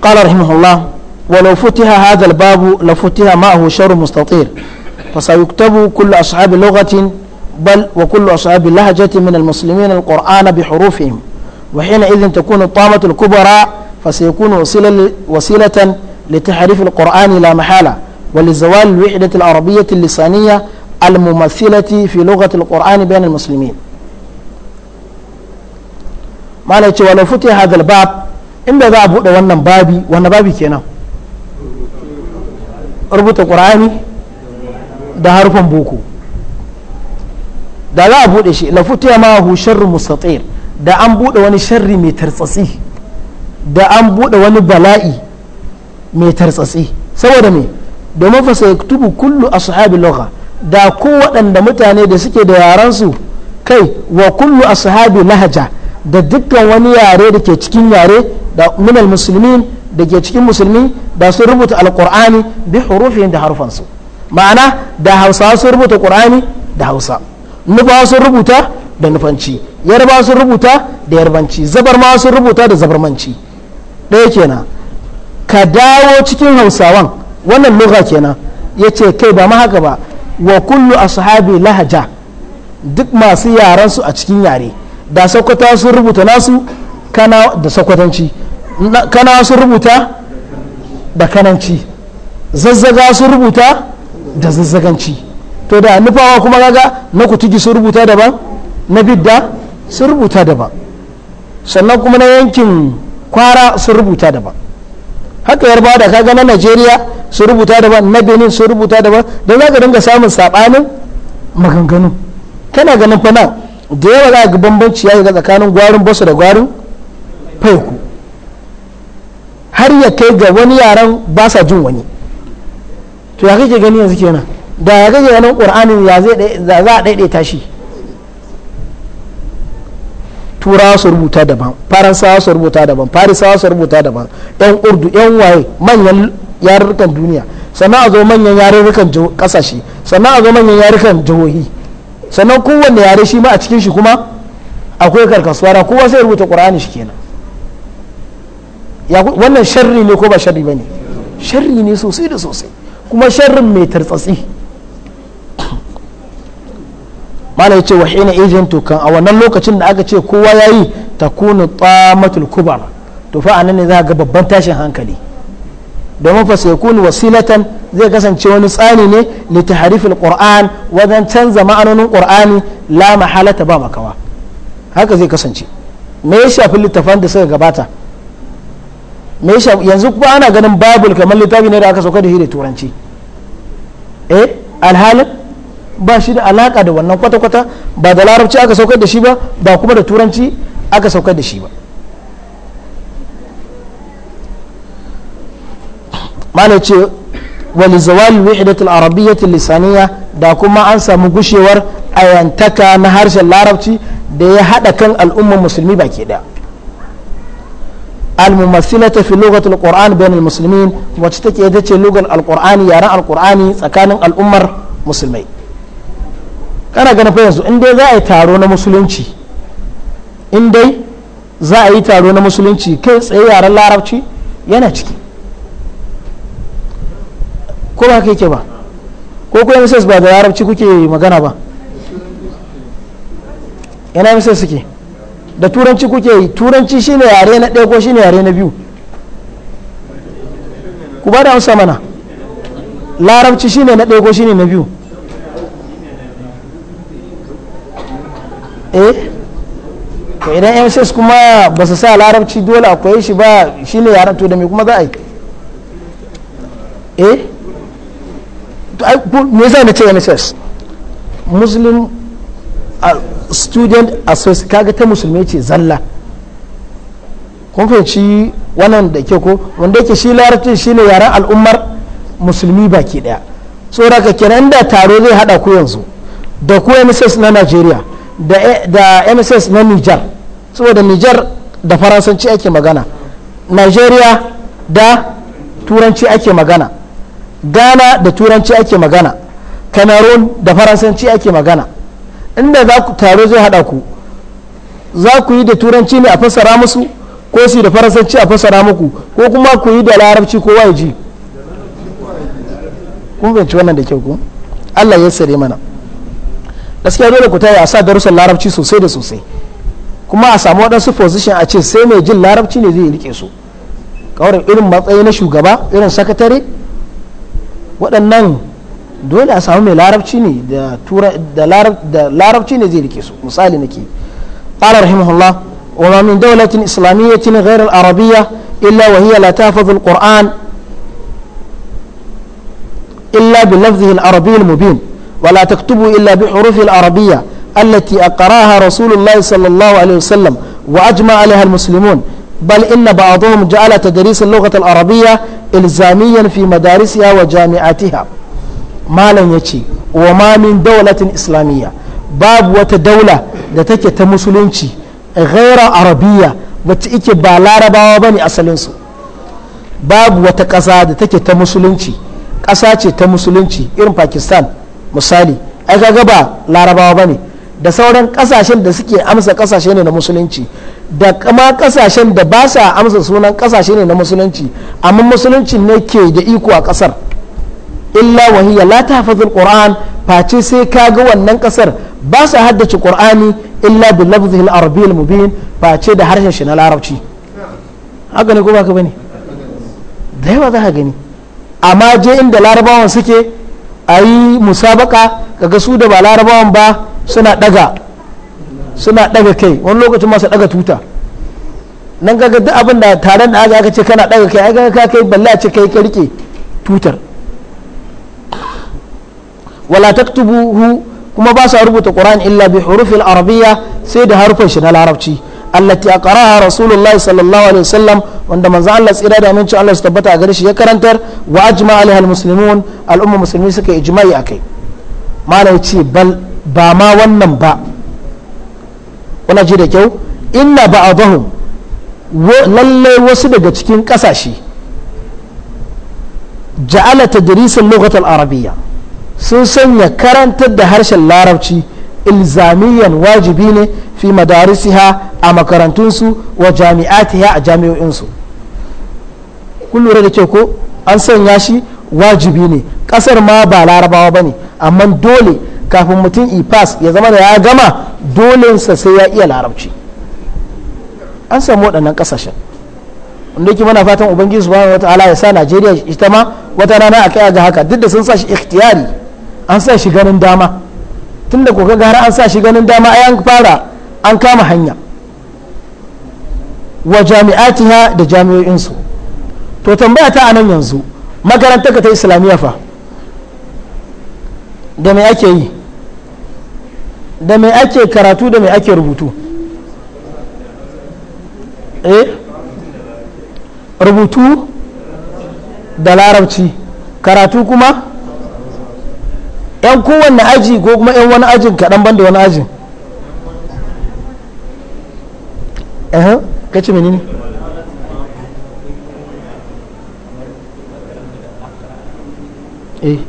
قال رحمه الله ولو فتح هذا الباب لفتح معه شر مستطير فسيكتب كل أصحاب لغة بل وكل أصحاب لهجة من المسلمين القرآن بحروفهم وحينئذ تكون الطامة الكبرى فسيكون وسيلة, وسيلة لتحريف القرآن لا محالة ولزوال الوحدة العربية اللسانية الممثلة في لغة القرآن بين المسلمين ما لا ولو فتح هذا الباب إن بذا أبو وانا بابي وانا بابي كنا ربط القرآني da harfan boko da za a buɗe shi lafutiya ma'ahu sharri mustatir da an buɗe wani sharri mai tartsatsi da an buɗe wani bala'i mai tartsatsi saboda me domin fa sai tubu kullu ashabi lugha da ko waɗanda mutane da suke da yarensu kai wa kullu ashabi lahaja da dukkan wani yare da ke cikin yare da minal musulmin da ke cikin musulmi da sun rubuta alqur'ani bi hurufin da harfansu ma'ana da hausawa sun rubuta ƙur'ani da hausa nufawa sun rubuta da nufanci yarba sun rubuta da yarbanci ma sun rubuta da zabarmanci ɗaya kenan ka dawo cikin hausawan wannan lugha kenan ya ce kai ba ma haka ba wa kullu ashabi lahaja duk masu yaran su a cikin yare da sakwata sun rubuta nasu kana da sakwatanci kana sun rubuta da kananci zazzaga sun rubuta da zazzaganci to da nufawa kuma kaga na kutugi sun rubuta daban na bidda sun rubuta daban sannan kuma na yankin kwara sun rubuta daban haka yarba da kaga na najeriya sun rubuta daban na benin sun rubuta daban da za ka dinga samun saɓanin maganganu kana ganin fana nan da yawa za ga bambanci ya ga tsakanin gwarin basu da gwarin faiku har ya kai ga wani yaren ba sa jin wani to ya kake gani yanzu kenan da ya kake ganin qur'anin ya zai za a daidaita shi turawa su rubuta daban faransawa su rubuta daban farisawa su rubuta daban yan urdu yan waye manyan yarurrukan duniya sannan a zo manyan yarurrukan kasashe sannan a zo manyan yarurrukan jihohi sannan kowanne yare shi ma a cikin shi kuma akwai karkasuwa kowa sai rubuta qur'ani shi kenan wannan sharri ne ko ba sharri ba ne sharri ne sosai da sosai kuma sharrin mai tartsatsi mana ya ce wa hina ijin tukan a wannan lokacin da aka ce kowa ya yi ta kunu tsamatul kubar to fa anan ne za ga babban tashin hankali domin fa sai kunu wasilatan zai kasance wani tsani ne li tahrifil qur'an wajen canza ma'anonin qur'ani la mahalata ba makawa haka zai kasance me ya shafi littafan da suka gabata me yanzu kuma ana ganin babul kamar littafi ne da aka sauka da shi da turanci eh alhalin ba shi da alaka da wannan kwata-kwata ba da larabci aka saukar da shi ba ba kuma da turanci aka saukar da shi ba mana ce wani zawali wihidatul arabiyyatul lisaniya da kuma an samu gushewar ayantaka na harshen larabci da ya haɗa kan al'ummar musulmi baki ɗaya الممثلة في لغة القرآن بين المسلمين وتتكي يدتي لغة القرآن يرى القرآن سكان الأمر مسلمين kana ganin fa yanzu in dai za a yi taro na musulunci in dai za a yi taro na musulunci kai tsaye yaren larabci yana ciki ko ba kai ke ba ko kuma mrs ba da larabci kuke magana ba yana mrs suke da turanci kuke yi turanci shine yare na ɗaya ko shine yare na biyu ku ba da amsa mana larabci shine na ɗaya ko shine na biyu eh to idan mss kuma ba su sa larabci dole akwai shi ba shine yaren to da me kuma za a yi eh to me zai na ce mss muslim ah, student association kaga ta musulmi ce zalla kun fahimci wannan da ke ko wanda yake shi larabcin shi ne yaren al'ummar musulmi baki daya ka kenan da taro zai hada ku yanzu da ku mss na nigeria da e, mss na niger saboda niger da faransanci ake magana nigeria da turanci ake magana ghana da turanci ake magana cameroon da faransanci ake magana inda za ku taro zai haɗa ku za ku yi da turanci ne a fassara musu ko su da faransanci a fassara muku ko kuma ku yi da larabci ko waje kun fahimci wannan da kyau ku Allah ya sare mana gaskiya dole ku taya a sa darussan larabci sosai da sosai kuma a samu waɗansu position a ce sai mai jin larabci ne zai rike su kawai irin matsayi na shugaba irin sakatare waɗannan dole a samu mai larabci ne da larabci ne zai rike su misali nake qala rahimahullah wa ma min dawlatin islamiyyatin ghayr al-arabiyya illa wa hiya la tahfazu al-qur'an illa bi lafzihi al-arabiy al-mubin wa la taktubu illa bi hurufi al-arabiyya التي أقراها رسول الله صلى الله عليه وسلم وأجمع عليها المسلمون بل إن بعضهم جعل تدريس اللغة العربية إلزاميا في مدارسها وجامعاتها malam ya ce wa ma min daulatin islamiyya babu wata daula da take ta musulunci ghaira arabiya wacce ike ba larabawa ba ne asalinsu babu wata ƙasa da take ta musulunci ƙasa ce ta musulunci irin pakistan misali ai kaga ba larabawa ba ne da sauran ƙasashen da suke amsa ƙasashe ne na musulunci da kama ƙasashen da ba sa amsa sunan ƙasashe ne na musulunci amma musulunci ne ke da iko a ƙasar illa wahiya la tahfazul qur'an face sai ka ga wannan kasar ba su haddace qur'ani illa bil lafzi al arabi al mubin face da harshen shi na larabci haka ne ko ba baka bane da yawa za ka gani amma je inda larabawan suke ayi musabaka kaga su da ba larabawan ba suna daga suna daga kai wani lokacin masu daga tuta nan kaga duk abin da taron da aka ce kana daga kai aka ka kai balla ce kai ka rike tutar wala taktubuhu kuma ba rubuta qur'ani illa bi hurufil arabiyya sai da harfin shi na larabci allati aqaraha rasulullahi sallallahu alaihi wasallam wanda manzo Allah tsira da aminci Allah su tabbata a gare shi ya karantar wa ajma alaiha almuslimun al'umma musulmi suka ijma'i a malai ce bal ba ma wannan ba wannan ji da kyau inna ba'dahum lallai wasu daga cikin kasashe ja'ala tadrisul lokacin arabiyya sun sanya karantar da harshen larabci ilzamiyan wajibi ne fi madarisiha a makarantunsu wa jami'atiha a jami'o'insu kun lura da ke ko an sanya shi wajibi ne kasar ma ba larabawa ba ne amma dole kafin mutum ipas ya zama da ya gama dolensa sai ya iya larabci an samu waɗannan ƙasashen wanda yake mana fatan ubangiji subhanahu ta'ala ya sa najeriya ita ma wata rana a kai ga haka duk da sun sa shi ikhtiyari an sa shi ganin dama tun da kuka gara an sa shi ganin dama a an fara an kama hanya wa jami'atiha da jami'o'insu to tambaya ta anan yanzu makarantar ka ta islamiyya fa da mai ake yi da mai ake karatu da mai ake rubutu eh? rubutu da larabci karatu kuma 'yan kowanne aji ko kuma 'yan wani ajin kaɗan ban da wani ajin ehem ka ce menene eh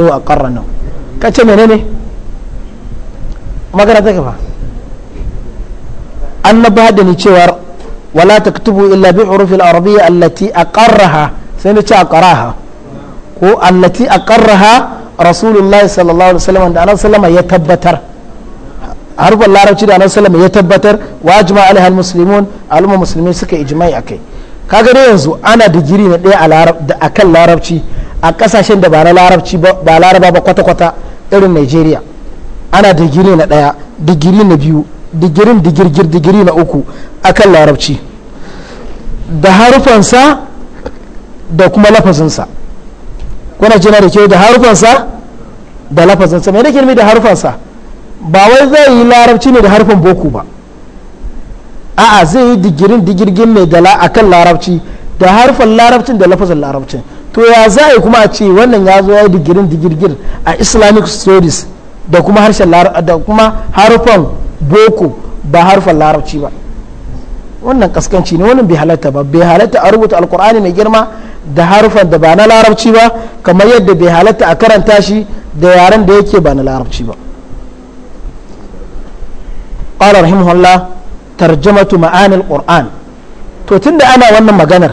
oh, a ƙarra nan ka ce menene magana ta gaba an na ba da ni cewar wala taktubu illa bi hurufil arabiyya allati aqarraha sai na ce aqaraha ko allati ƙarraha rasulullahi sallallahu alaihi wasallam da annabi sallama ya tabbatar harfar larabci da annabi sallama ya tabbatar wa ajma alaiha almuslimun al'umma musulmi suka ijma'i akai kaga dai yanzu ana digiri na ɗaya a kan larabci a ƙasashen da ba na larabci ba laraba ba kwata-kwata irin nigeria ana digiri na ɗaya digiri na biyu digirin digirgir digiri na uku a kan larabci da harufansa da kuma lafazinsa kuna jina da kyau da harufansa da lafazinsa mai nake nufi da harufansa ba wai zai yi larabci ne da harfin boko ba a'a zai yi digirin digirgin dala a akan larabci da harfin larabcin da lafazin larabcin to ya za a yi kuma a ce wannan ya zo ya yi digirin digirgir a islamic studies da kuma harshen da kuma harfan boko ba harfin larabci ba wannan kaskanci ne wannan bai halatta ba bai halatta a rubuta alkur'ani mai girma da harufan da ba na larabci ba kamar yadda bai halatta a karanta shi da yaren da yake ba na larabci ba ƙwarar rahimahullah tarjumatu ma'anil qur'an to tun da ana wannan maganar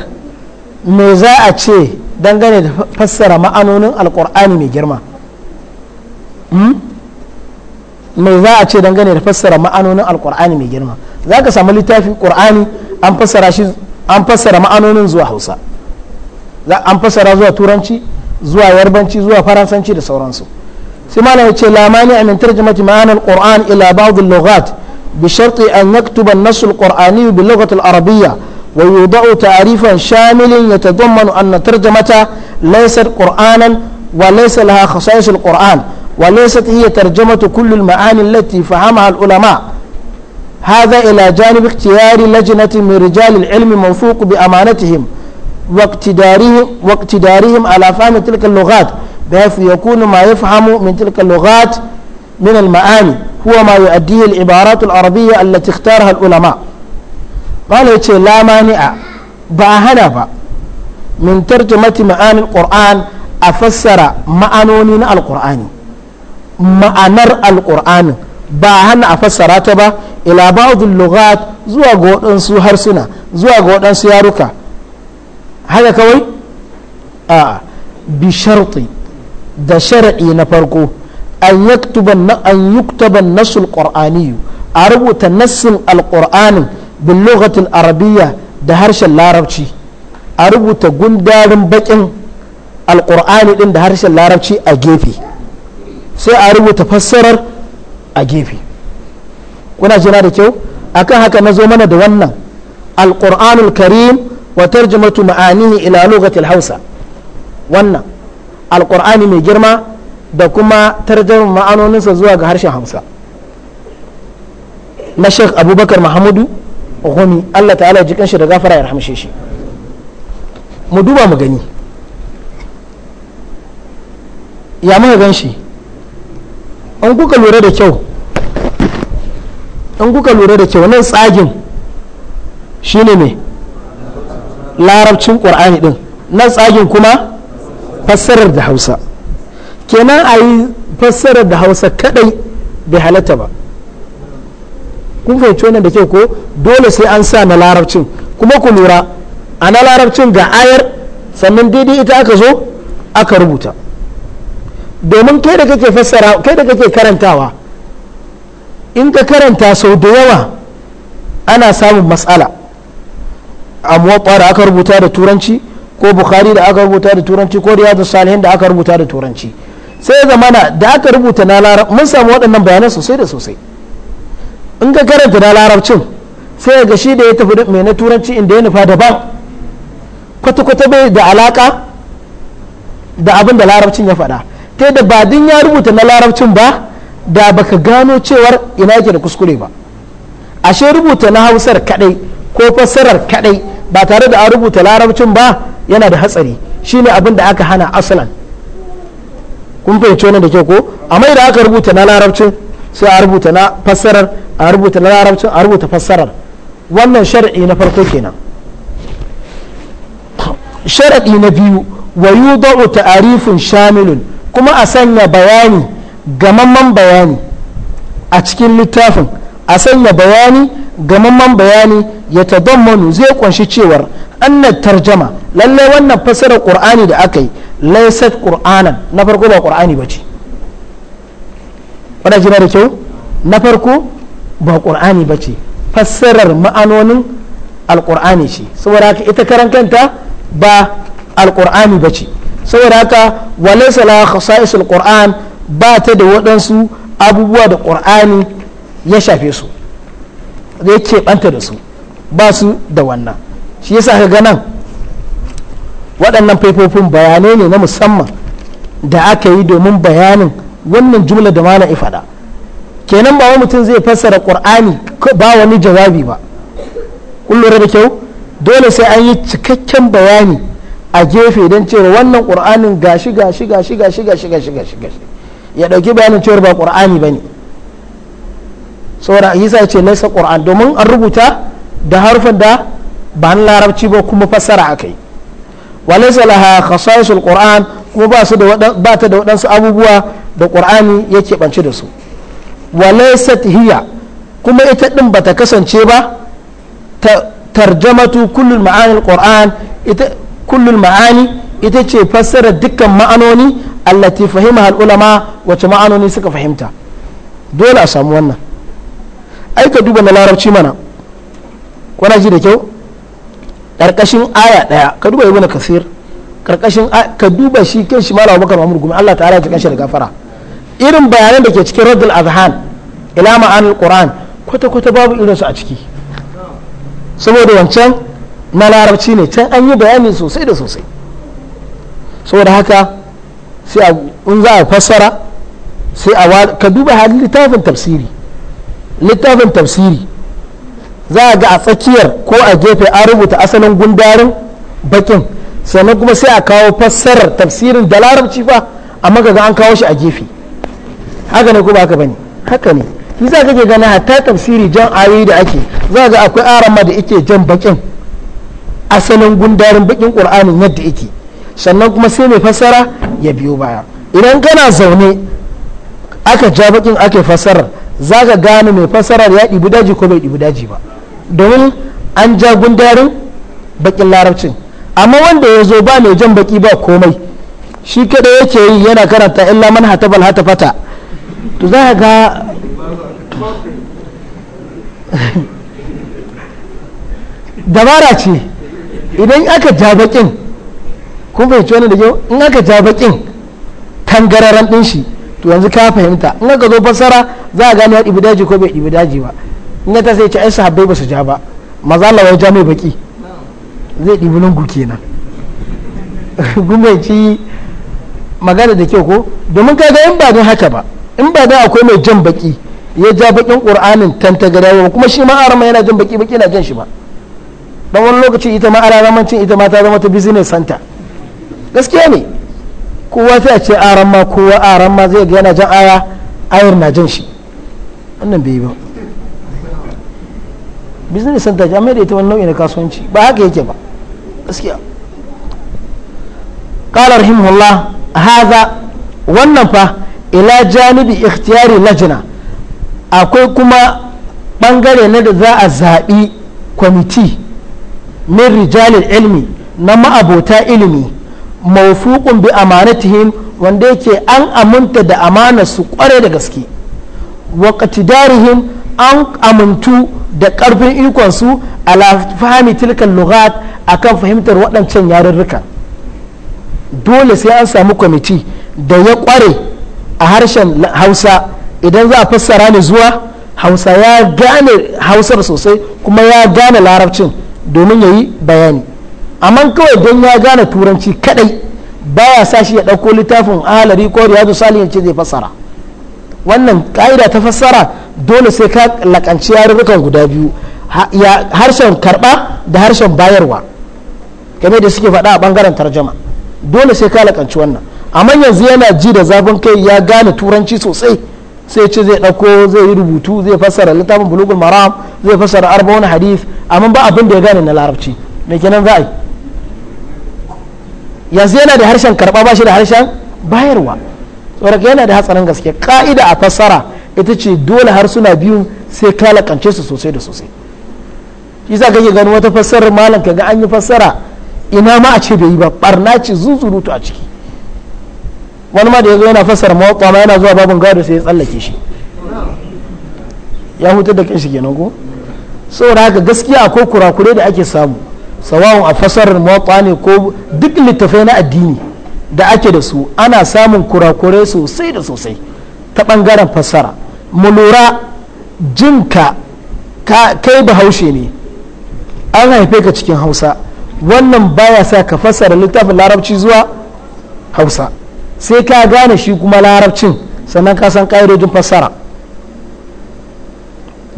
me za a ce dangane da fassara ma'anonin alƙur'ani mai girma hmm? me za a ce dangane da fassara ma'anonin alƙur'ani mai girma za ka samu littafin ƙur'ani an fassara ma'anonin zuwa hausa an fassara zuwa turanci zuwa yarbanci zuwa faransanci da sauransu sai malam ya ce lamani a min ma'anar qur'an ila ba'd al-lughat bi sharti an yaktuba an-nass al-qur'ani bi lughati al-arabiyya wa yudau ta'rifan shamilan yatadammanu anna tarjamata laysat qur'anan wa laysa laha khasa'is al-qur'an wa laysat hiya tarjamatu kull al-ma'ani allati fahamaha al-ulama هذا إلى جانب اختيار لجنة من رجال العلم موثوق بأمانتهم واقتدارهم واقتدارهم على فهم تلك اللغات بحيث يكون ما يفهم من تلك اللغات من المعاني هو ما يؤديه العبارات العربية التي اختارها العلماء قال لا مانع باهنا با من ترجمة معاني القرآن أفسر معنونين القرآن ma'anar alƙur'anin ba hana a fassara ta ba ila ba'dul lughat zuwa ga waɗansu harsuna zuwa ga waɗansu yaruka haka kawai a da shari'i na farko an yuktaban nasul qur'aniyu a rubuta nassin alqur'anin bin lokacin arabiya da harshen larabci a rubuta gundarin bakin alqur'ani din da harshen larabci a gefe sai a rubuta fassarar a gefe kuna jira da kyau akan haka na zo mana da wannan alqur'anul karim wa tarjamatu ma'anihi ila lughatil hausa wannan alqur'ani mai girma da kuma tarjama ma'anoninsa zuwa ga harshen hausa na sheikh abubakar mahamudu humi allah ta'ala jikin shi da gafara ya rahamshe shi mu duba mu gani ya muka gan shi kuka lura da kyau nan tsagin shine ne larabcin ƙur'ani ɗin nan tsagin kuma fassarar da hausa kenan a yi fassarar da hausa kadai bai halatta ba kun fahimci wannan da ke ko dole sai an sa na larabcin kuma ku lura a na larabcin ga ayar sannan daidai ita aka zo aka rubuta domin kai da kake fassara kai da kake karantawa in ka karanta sau da yawa ana samun matsala a da aka rubuta da turanci ko bukhari da aka rubuta da turanci ko riyadu salihin da aka rubuta da turanci sai ya zamana da aka rubuta na larabci mun samu waɗannan bayanan sosai da sosai in ka karanta na larabcin sai ga shi da ya tafi mai na turanci inda ya nufa daban kwata-kwata bai da alaka da abin da larabcin ya faɗa ta da ba din ya rubuta na larabcin ba da baka gano cewar ina yake da kuskure ba ashe rubuta na hausar kadai ko fassarar kadai ba tare da an rubuta larabcin ba yana da hatsari shine abin da aka hana asalan kun fahimci wannan da ke ko amma idan aka rubuta na larabcin sai a rubuta na fassarar a rubuta na larabcin a rubuta fassarar wannan shar'i na farko kenan shar'i na biyu wa yudau ta'arifun shamilun kuma a sanya bayani gamamman bayani a cikin littafin a sanya bayani gamamman bayani ya tadammanu zai kunshi cewar annar tarjama lallai wannan fassarar qur'ani da aka yi laisat qur'anan na farko ba qur'ani ce. wadda jina da kyau na farko ba qur'ani ce fassarar ma'anonin alqur'ani ce saboda haka ita karan kanta ba alqur'ani bace saboda haka walaysa la khasa'isul qur'an ba ta da waɗansu abubuwa da ƙur'ani ya shafe su zai ya keɓanta da su ba su da wannan shi yasa ka ganan waɗannan faifofin bayanai ne na musamman da aka yi domin bayanin wannan jumla da mana ifada kenan ba wani mutum zai fassara ƙur'ani ba wani jawabi ba kullum da kyau dole sai an yi cikakken bayani a gefe don cewa wannan ƙur'anin gashi gashi gashi gashi gashi gashi gashi ya ɗauki bayanin cewar ba ƙur'ani ba ne saboda isa ya ce laisa qur'an domin an rubuta da harufan da ba na larabci ba kuma fassara a kai laisa laha khasasul qur'an kuma ba su da ba ta da waɗansu abubuwa da qur'ani yake banci da su wa laisat hiya kuma ita ba bata kasance ba ta tarjamatu kullul ma'anil qur'an ita kullul ma'ani ita ce fassara dukkan ma'anoni allati fahimaha al ulama wace ma'anoni suka fahimta dole a samu wannan aika ka duba na larabci mana kuna ji da kyau karkashin aya daya ka duba ibnu kasir karkashin ka duba shi kan shi malama maka mamur gumi Allah ta'ala ta shi da gafara irin bayanan da ke cikin raddul azhan ila ma'anul qur'an kwata kwata babu irin su a ciki saboda wancan na larabci ne can an yi bayani sosai da sosai saboda haka sai in za a fassara sai a ka duba halin littafin tafsiri littafin tafsiri za a ga a tsakiyar ko a gefe an rubuta asalin gundarin bakin sannan kuma sai a kawo fassarar tafsirin da larabci fa amma ga an kawo shi a gefe haka ne ko ba haka bane haka ne shi za kake gana hatta tafsiri jan ayoyi da ake za ga akwai arama da ike jan bakin asalin gundarin bakin qur'anin yadda ike sannan kuma sai mai fassara ya biyo baya idan kana zaune aka ja bakin ake fassarar za ka gane mai fasarar ya ɗibi daji ko bai ɗibi daji ba domin an ja gundarin bakin larabcin amma wanda ya zo ba mai jan baki ba komai shi kada yake yi yana karanta illa man hatabal fata to za ka ga [laughs] dabara ce idan aka ja bakin kun fahimci wani da yau in aka ja bakin tangararan ɗin shi to yanzu ka fahimta in ka zo fassara za a gane ya ɗibi daji ko bai ɗibi daji ba in ka sai ce ai habbai ba su ja ba maza lawar ja mai baki zai ɗibi lungu kenan [laughs] ci magana da kyau ko domin ga in ba don haka ba in ba da akwai mai jan baki ya ja bakin qur'anin gada ba kuma shi ma arama yana jan baki baki na jan shi ba dan wani lokaci ita ma arama ita ma ta zama ta business center gaskiya ne kowa sai a ce aran ma kowa aran ma zai ga yana jan aya ayar na jan shi wannan bai yi ba business center ji amma da ita wani nau'i na kasuwanci ba haka yake ba gaskiya qala rahimahullah haza wannan fa ila janibi ikhtiyari lajina akwai kuma bangare na da za a zaɓi kwamiti min rijalil ilmi na ma'abota ilimi mawfuqun bi amanatihim wanda yake an aminta da amanar su kware da gaske wa qatidarihim an amintu da karfin ikon su ala fahimi tilkan lughat akan fahimtar waɗancan yarurruka dole sai an samu kwamiti da ya kware a harshen hausa idan za a fassara ni zuwa hausa ya gane hausar sosai kuma ya gane larabcin domin ya yi bayani amma kawai don ya gane turanci kadai baya sa shi ya dauko littafin ahalari ko riyadu salihin ce zai fassara wannan ƙa'ida ta fassara dole sai ka lakanci yarurrukan guda biyu harshen karba da harshen bayarwa game da suke faɗa a bangaren tarjama dole sai ka lakanci wannan amma yanzu yana ji da zafin kai ya gane turanci sosai sai ce zai dauko zai yi rubutu zai fassara littafin bulugul maram zai fassara arba'un hadith amma ba abin da ya gane na larabci me kenan za yi yanzu yana da harshen karɓa ba shi da harshen bayarwa tsoraka yana da hatsarin gaske ka'ida a fassara ita ce dole harsuna biyu sai ka lakance su sosai da sosai shi za ka yi gani wata fassarar malam ka ga an yi fassara ina ma a ce bai yi ba barna ce zuzurutu a ciki wani ma da ya zo yana fassara mawaƙwa ma yana zuwa babin gado sai ya tsallake shi ya hutar da kai shi kenan ko saboda haka gaskiya akwai kurakure da ake samu sawawun a fasarar mawata ne ko duk littafai na addini da ake da su ana samun kurakurai sosai da sosai ta bangaren fasara mu lura jinka kai bahaushe ne an haife ka cikin hausa wannan baya sa ka fasara littafin larabci zuwa hausa sai ka gane shi kuma larabcin sannan ka san ƙa'idojin fasara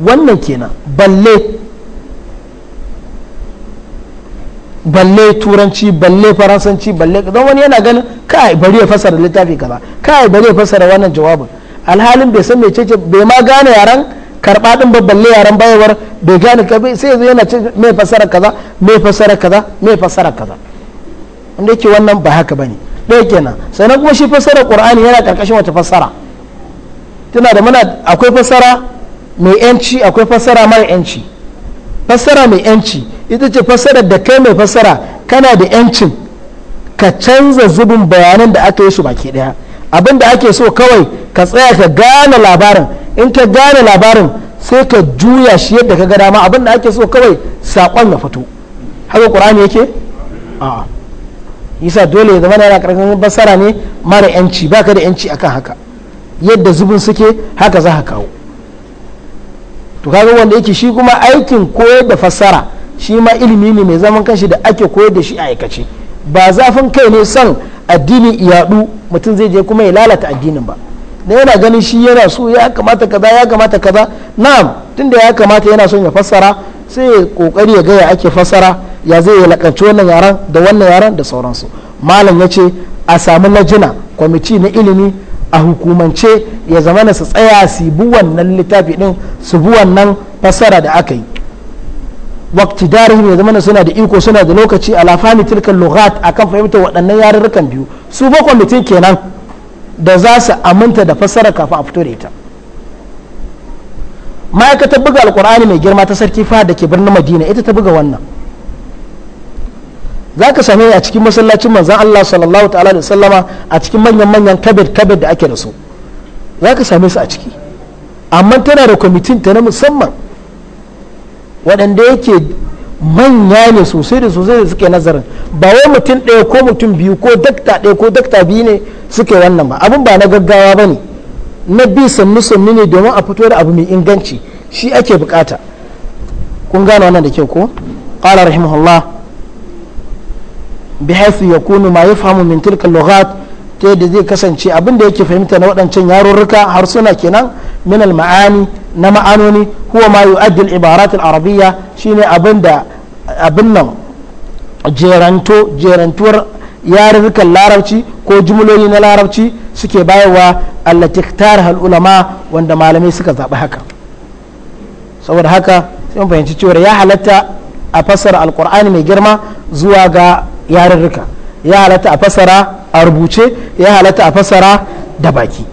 wannan kenan balle balle turanci balle faransanci balle don wani yana ganin kai bari ya fasara littafi kaza kai bari ya fasara wannan jawabin alhalin bai san ce bai ma gane yaran karba din ba balle yaran bayawar bai gane kabe sai yanzu yana ce mai fasara kaza mai fasara kaza mai fasara kaza inda yake wannan ba haka bane ne kenan sannan kuma shi fasara qur'ani yana karkashin wata fasara tana da muna akwai fasara mai yanci akwai fasara mara yanci fassara mai yanci ita ce fassara da kai mai fassara kana da yancin ka canza zubin bayanan da aka yi su baki daya abin da ake so kawai ka tsaya ka gane labarin in ka gane labarin sai ka juya shi yadda ka ga dama abin da ake so kawai saƙon ya fito haka ƙur'ani yake a'a yasa dole ya zama yana karkashin basara ne mara yanci baka da yanci akan haka yadda zubin suke haka za ka kawo to kaga wanda yake shi kuma aikin koyar da fassara shi ma ilimi ne mai zaman kanshi da ake koyar da shi a aikace ba zafin kai ne son addini yadu mutum zai je kuma ya lalata addinin ba na yana ganin shi yana so ya kamata kaza ya kamata kaza na'am tunda ya kamata yana son ya fassara sai ya kokari ya gaya ake fassara ya zai ya lakanci wannan yaran da wannan yaran da sauransu malam ya ce a samu lajina kwamiti na ilimi a hukumance ya zama na su tsaya su bu wannan littafi din su bu wannan fasara da aka yi wakti darihim ya zama suna da iko suna da lokaci a lafani tilkan lughat akan fahimta waɗannan yarurrukan biyu su ba kwamitin kenan da za su aminta da fassara kafin a fito da ita ma'aikatar buga alkur'ani mai girma ta sarki fa da ke birnin madina ita ta buga wannan za ka same a cikin masallacin manzan Allah sallallahu ta'ala da sallama a cikin manyan manyan kabir kabir da ake da su za ka same su a ciki amma tana da kwamitin ta na musamman waɗanda yake manya ne sosai da sosai da suke nazarin ba wai mutum ɗaya ko mutum biyu ko dakta ɗaya ko dakta biyu ne suke wannan ba abin ba na gaggawa ba ne na bi sannu sannu ne domin a fito da abu mai inganci shi ake bukata kun gane wannan da kyau ko qala rahimahullah bihaifu ya kunu ma ya fahimu min tilka lughat ta yadda zai kasance abin da yake fahimta na waɗancan yarurruka harsuna kenan min maani na ma'anoni huwa ma yu'addi ibarat al-arabiyya shine abin da abin nan jeranto jerantuwar yarurrukan larabci ko jumloli na larabci suke bayarwa allati iktarha ulama wanda malamai suka zaɓi haka saboda haka sai mun fahimci cewa ya halatta a fassara alkur'ani mai girma zuwa ga yarurruka ya halatta a fasara a rubuce ya halatta a fasara da baki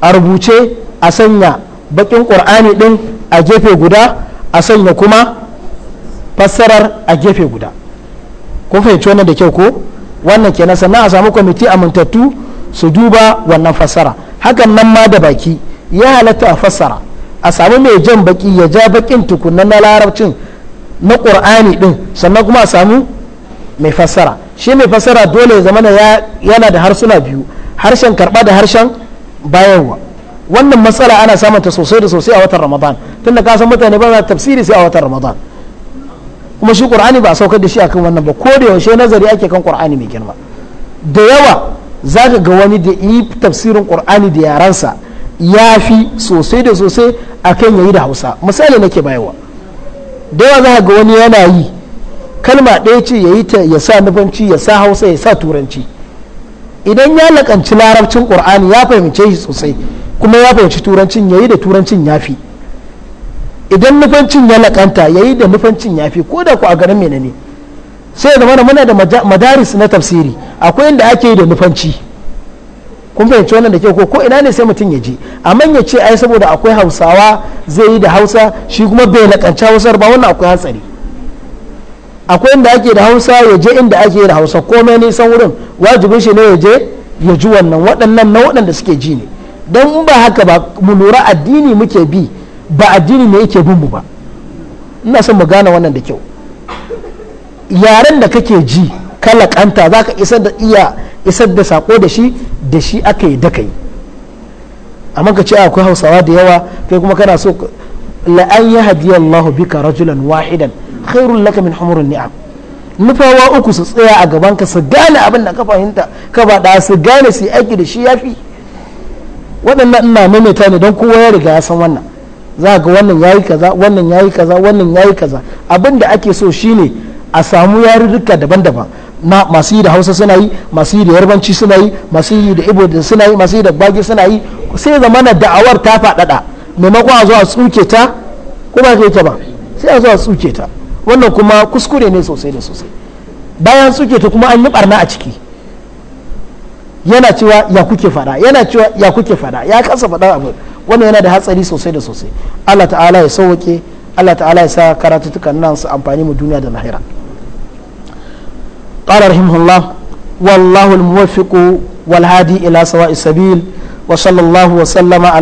a rubuce a sanya bakin ƙur'ani ɗin a gefe guda a sanya kuma fassarar a gefe guda ko fahimci wannan da kyau ko wannan kenan sannan a samu kwamiti amintattu su duba wannan fassara hakan nan ma da baki ya halatta a fassara a samu mai jan baki ya ja bakin tukunan na larabcin na ƙur'ani ɗin sannan kuma a samu mai fassara shi mai fassara dole zamana yana da harsuna biyu harshen karba da harshen bayarwa wannan matsala ana samun ta sosai da sosai a watan ramadan tunda ka san mutane ba na tafsiri sai a watan ramadan kuma shi qur'ani ba a saukar da shi akan wannan ba ko da yaushe nazari ake kan qur'ani mai girma da yawa zaka ga wani da yi tafsirin qur'ani da yaransa ya fi sosai da sosai akan yayi da hausa misali nake bayarwa da yawa zaka ga wani yana yi kalma ɗaya ce ya yi ta ya sa nufanci ya sa hausa ya sa turanci idan ya laƙanci larabcin ƙur'ani ya fahimce shi sosai kuma ya fahimci turancin ya yi da turancin ya fi idan nufancin ya laƙanta ya yi da nufancin ya fi ko da ku a garin menene sai ya mana muna da madaris na tafsiri akwai inda ake yi da nufanci kun fahimci wannan da ke ko ina ne sai mutum ya je amma ya ce ai saboda akwai hausawa zai yi da hausa shi kuma bai laƙanci hausar ba wannan akwai hatsari akwai inda ake da hausa ya je inda ake da hausa komai nisan wurin wajibin shi ne ya je ya ji wannan waɗannan na waɗanda suke ji ne don in ba haka ba mu lura addini muke bi ba addini ne yake bin mu ba ina son mu gane wannan da kyau yaren da kake ji kala kanta za ka isar da iya isar da sako da shi da shi aka yi da kai amma ka ce akwai hausawa da yawa kai kuma kana so la an yi hadiyallahu bika rajulan wahidan khairul laka min humurin ni'am nufawa uku su tsaya a gaban ka su gane abin da ka fahimta ka da su gane su aiki da shi yafi waɗannan ina maimaita ne don kowa ya riga ya san wannan za ga wannan yayi kaza wannan yayi kaza wannan yayi kaza abin da ake so shine a samu yarurruka daban-daban na masu yi da hausa suna yi masu yi da yarbanci suna yi masu yi da ibo da suna yi masu yi da gbage suna yi sai na da'awar ta faɗaɗa maimakon a zuwa tsuke ta kuma ke ta ba sai a zuwa tsuke ta wannan kuma kuskure ne sosai da sosai bayan suke ta kuma an yi barna a ciki yana cewa ya kuke fada yana cewa ya kuke fada ya kasa fada abu wannan yana da hatsari sosai da sosai Allah ta'ala ya sauke Allah ta'ala ya sa karatutukan nan su amfani mu duniya da lahira qala rahimahullah wallahu al-muwaffiqu wal hadi ila sawa'i sabil wasallan lahu wasallama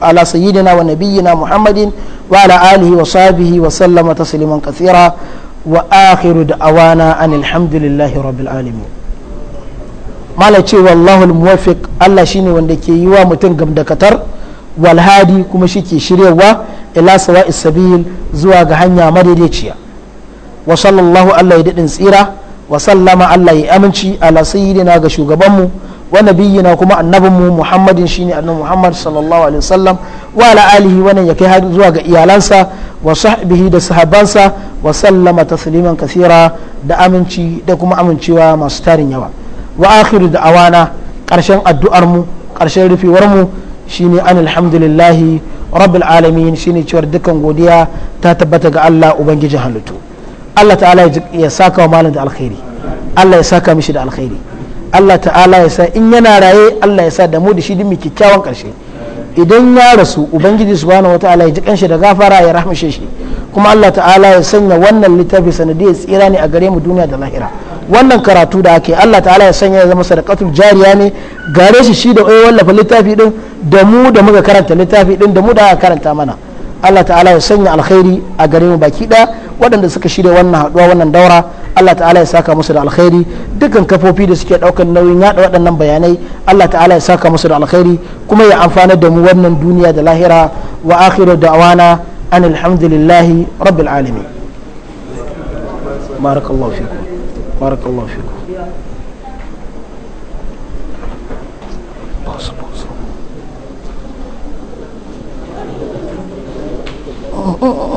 ala sayidina wa namibiyina muhammadin wa alihi wa sabibihi wa sallama ta silimin katira wa aheru da awana an alhamdulilahi rabbi al'alame. mala ce walahol muwafiq allah shine wanda ke yi wa mutum gam dakatar walhadi kuma shi ke shirya wa ilassa wa zuwa ga hanya mara dai jiya. allah ya daɗin tsira wasallama allah ya yi aminci ala sayidina ga shugabanmu. wa nabiyyina kuma annabinmu muhammadin shine annabi muhammad sallallahu alaihi wasallam wa ala alihi wannan ya kai zuwa ga iyalansa wa sahbihi da sahabansa wa sallama tasliman kasira da aminci da kuma amincewa masu tarin yawa wa akhiru da awana karshen addu'ar mu karshen rufewar mu shine an alhamdulillahi rabbil alamin shine cewar dukkan godiya ta tabbata ga Allah ubangijin halittu Allah ta'ala ya saka wa malam da alkhairi Allah ya saka mishi da alkhairi Allah ta'ala ya sa in yana raye Allah ya sa da mu da shi din mu kyakkyawan karshe idan ya rasu ubangiji subhanahu wataala ya ji kanshi da gafara ya rahmashe shi kuma Allah ta'ala ya sanya wannan littafi sanadiyar tsira ne a gare mu duniya da lahira wannan karatu da ake Allah ta'ala ya sanya ya zama sadaqatul jariya ne gare shi shi da oyi wallafa littafi din da mu da muka karanta littafi din da mu da aka karanta mana Allah ta'ala ya sanya alkhairi a gare mu baki da waɗanda suka shirya wannan haɗuwa wannan daura Allah ta'ala ya saka musu da alkhairi dukkan kafofi da suke daukan nauyin yada waɗannan bayanai Allah ta'ala ya saka musu da alkhairi kuma ya amfana da mu wannan duniya da lahira wa akhiru da'wana an alhamdulillahi rabbil alamin barakallahu fikum barakallahu fikum Oh, oh, oh.